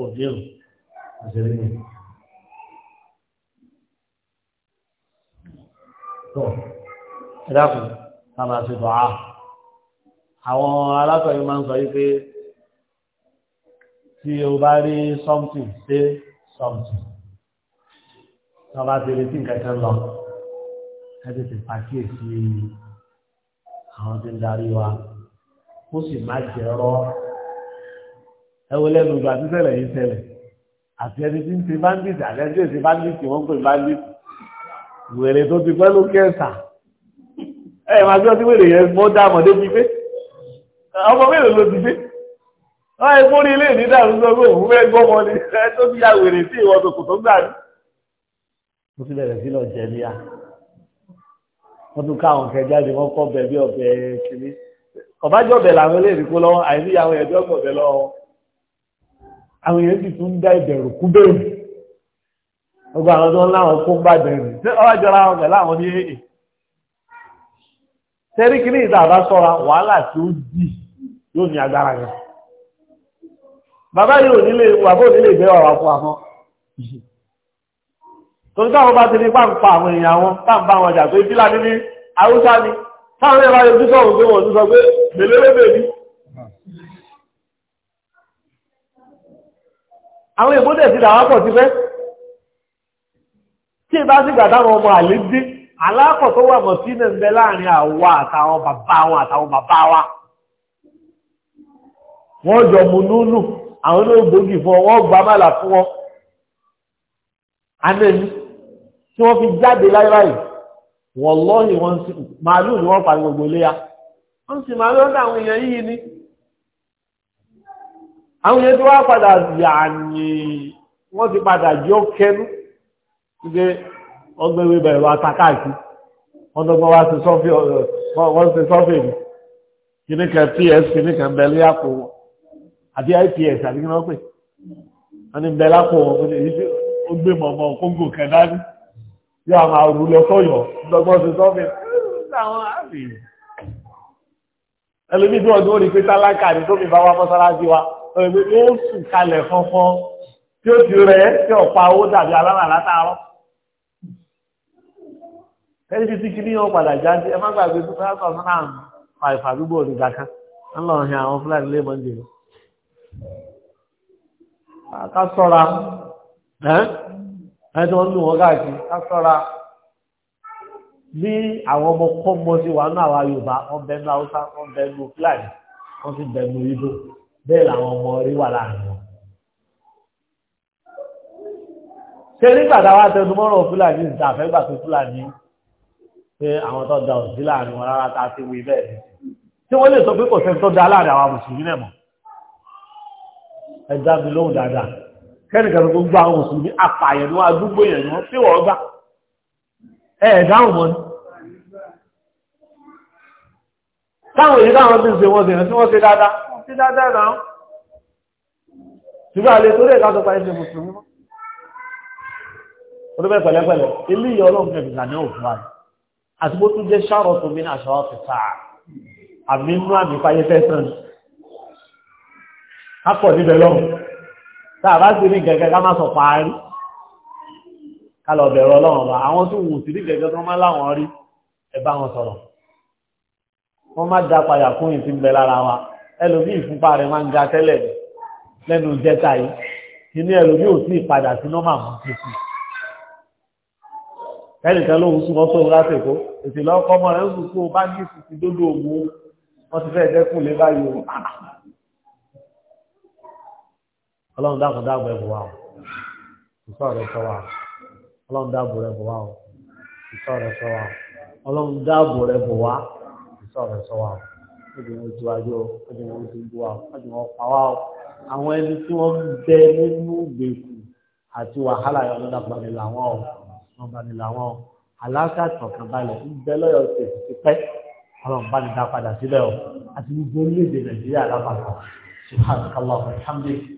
ọ̀dẹ́rù ìṣẹ̀lẹ̀ tó ẹ̀dàkùn tàbí àti dọ̀á àwọn alákọ̀ọ́yí máa ń sọ wípé tí o bá rí something say something tọ́bá ti retí nǹkan kan lọ ẹ̀dẹ̀ ti pàkíyèsí àwọn tí ń darí wa ó sì má jẹ rọ ẹ wo lẹ́nu ìgbà tí ṣẹlẹ̀ yìí ṣẹlẹ̀ àti ẹni tí ń ti bandit àti ẹni tí ń ti bandit wọ́n ń pè bandit wèrè tó ti pẹ́ ló kẹta ẹ ẹ máa gbé ọtí wèrè yẹn mọ́ dá àmọ́ débi pé ọmọ mélòó ló ti dé wọ́n ẹ kórè ilé ìdí dàrú sọ pé òun fẹ́ gbọ́ ọmọ ẹ tó ti ya wèrè sí ìwọ tòkòtò gbà ní. mo ti bẹ̀rẹ̀ sí lọ jẹ níyà. wọ́n káwọn kẹ jáde wọn kọ bẹ̀ bí ọbẹ kiri ọ̀bájọ́ ọ̀bẹ làwọn eléyìí kó lọ́wọ́ àìní àwọn ẹ̀bí ọbẹ lọ́wọ́ àwọn èèyàn sì tún dá ìbẹ̀rù kú bẹ́ẹ̀rù ọgbà àwọn tó ń láwọn kó ń wọn pẹ̀lú ní èè tẹ́rí kiri ìta àbá wàhálà tí ó dì yóò ní agbára yẹn bàbá nílé torí káwọn bá ti ní pàǹpà àwọn èèyàn wọn pàǹpà àwọn ọjà pé bílá ní ní haúsá ni táwọn ẹ̀rọ ayé ojúṣọ́ òun pé wọ́n ti sọ pé mèlélébè ni. àwọn èèbó dẹ̀ ti dàwọn pọ̀ ti fẹ́ tí ìbá sì gbà táwọn ọmọ àlè dé aláàpọ̀ tó wà mọ̀ sí ní láàrin àwa àtàwọn bàbá wọn àtàwọn bàbá wa wọ́n jọ mu núnú àwọn olóògbògì fún ọ wọ́n gbàmàlà fún ọ. Amẹ́ni tí wọ́n fi jáde láyé báyìí wọ̀lọ́ọ̀lì wọ́n sì màálù ni wọ́n parí gbogbo léyà wọ́n sì màálù ọ̀dọ̀ àwọn èèyàn yìí ni àwọn èèyàn tí wọ́n padà yàní wọ́n ti padà jọ kẹnu ṣe ọgbẹ́wé bẹ̀rẹ̀ wá takáàkì wọ́n dọ́gbọ́n wá sí sọ́fì wọ́n kan ps kìíní kan bẹ̀ lé àpò wọn àti ips àti kí wọ́n pè wọ́n ní bẹ̀ lápò wọn ó gbé mọ̀mọ́ kóńgò kẹ̀dá tí a máa rú lọ sọ́yọ̀ lọ́gbọ́n sí sọ́fẹ́ láwọn àbì ẹlòmí tí wọ́n tó rí pé tálákà ní tóbi bá wá mọ́sálásí wa ẹgbẹ́ tó sùn kalẹ̀ kankan tí ó ti rẹ̀ tí ọ̀pá owó dàbí alára látàárọ̀ ẹni tí kí ní wọn padà jáde ẹ má gbàgbé tó fẹ́ sọ̀rọ̀ náà fa ìfàdúgbò ní gàkán ń lọ hin àwọn fúlàní lé mọ́ndé rẹ̀ ká sọ́ra ẹ́ ẹni wọn lù wọn káàkiri kásọra bí àwọn ọmọ kọ́mọ sí wà náà wà Yorùbá wọn bẹ nu Haúsá wọn bẹ nu Fúlàní wọn sì bẹ nu Ìgbò bẹ́ẹ̀ làwọn ọmọ rí wà láàrin wọn. ṣé nígbà táwa tẹnu mọ́rọ̀ Fúlàní ń ta àfẹ́gbà tó Fúlàní pé àwọn tó da òsì láàrin wọn rárá tá ti wí bẹ́ẹ̀ ni tí wọ́n lè sọ pé kò sẹ́ni tó da láàrin àwọn mùsùlùmí náà mọ̀ ẹ dá mi lóhùn dáadáa kẹ́nìkan tó gbogbo àwọn mùsùlùmí apààyàn ní wọ́n adúgbò èèyàn ni wọ́n tí wọ́n bá ẹ̀ẹ̀dáhùn mọ́ ní táwọn èyí táwọn tí ń ṣe wọ́n ṣe tí wọ́n ṣe dáadáa tí dáadáa náà ṣùgbọ́n àlè tó lè káàtó parí ṣe mùsùlùmí mọ́ olùbẹ́ pẹ̀lẹ́pẹ̀lẹ́ ilé ìyá ọlọ́run kẹfì lànà òfin wa àti bó tún jẹ́ ṣàrọ̀ tó mi ní àṣà wa fi sáà àmì inú àmì fáyé fẹ́ sàn á pọ̀ níbẹ̀ lọ́rùn tá a bá sí ní gẹ́gẹ́ ká má sọ parí ká lọ bẹ̀rọ ọlọ́run ọba àwọn tó wù sí ní gẹ́gẹ́ tó má láwọn rí ẹ bá wọn sọ̀rọ̀ wọ́n má da padà fún ìsìn bẹ lára wa ẹlòmí ìfúnpá rẹ̀ máa ń ga tẹ́lẹ̀ lẹ́nu jẹ́ta yìí inú ẹlòmí ò sí ìpadà sí nọ́mà mọ́ títí ẹnìkan ló ń súnmọ́ sóhun lásìkò èsì lọ́kọ́ mọ́ rẹ̀ ń sùn kó bá ní ọlọ́run dáàbò dáàbò ẹ̀bù wa o ìsọ rẹ̀ sọ wa ọlọ́run dáàbò rẹ̀ bù wa o ìsọ rẹ̀ sọ wa ọlọ́run dáàbò rẹ̀ bù wa ìsọ rẹ̀ sọ wa o ọdún wọn ti wájú o ọdún wọn ti bú wa o ọdún wọn pa wa o àwọn ẹni tí wọ́n bẹ nínú gbèkú àti wàhálà yọ lọ́dà bani làwọn o wọ́n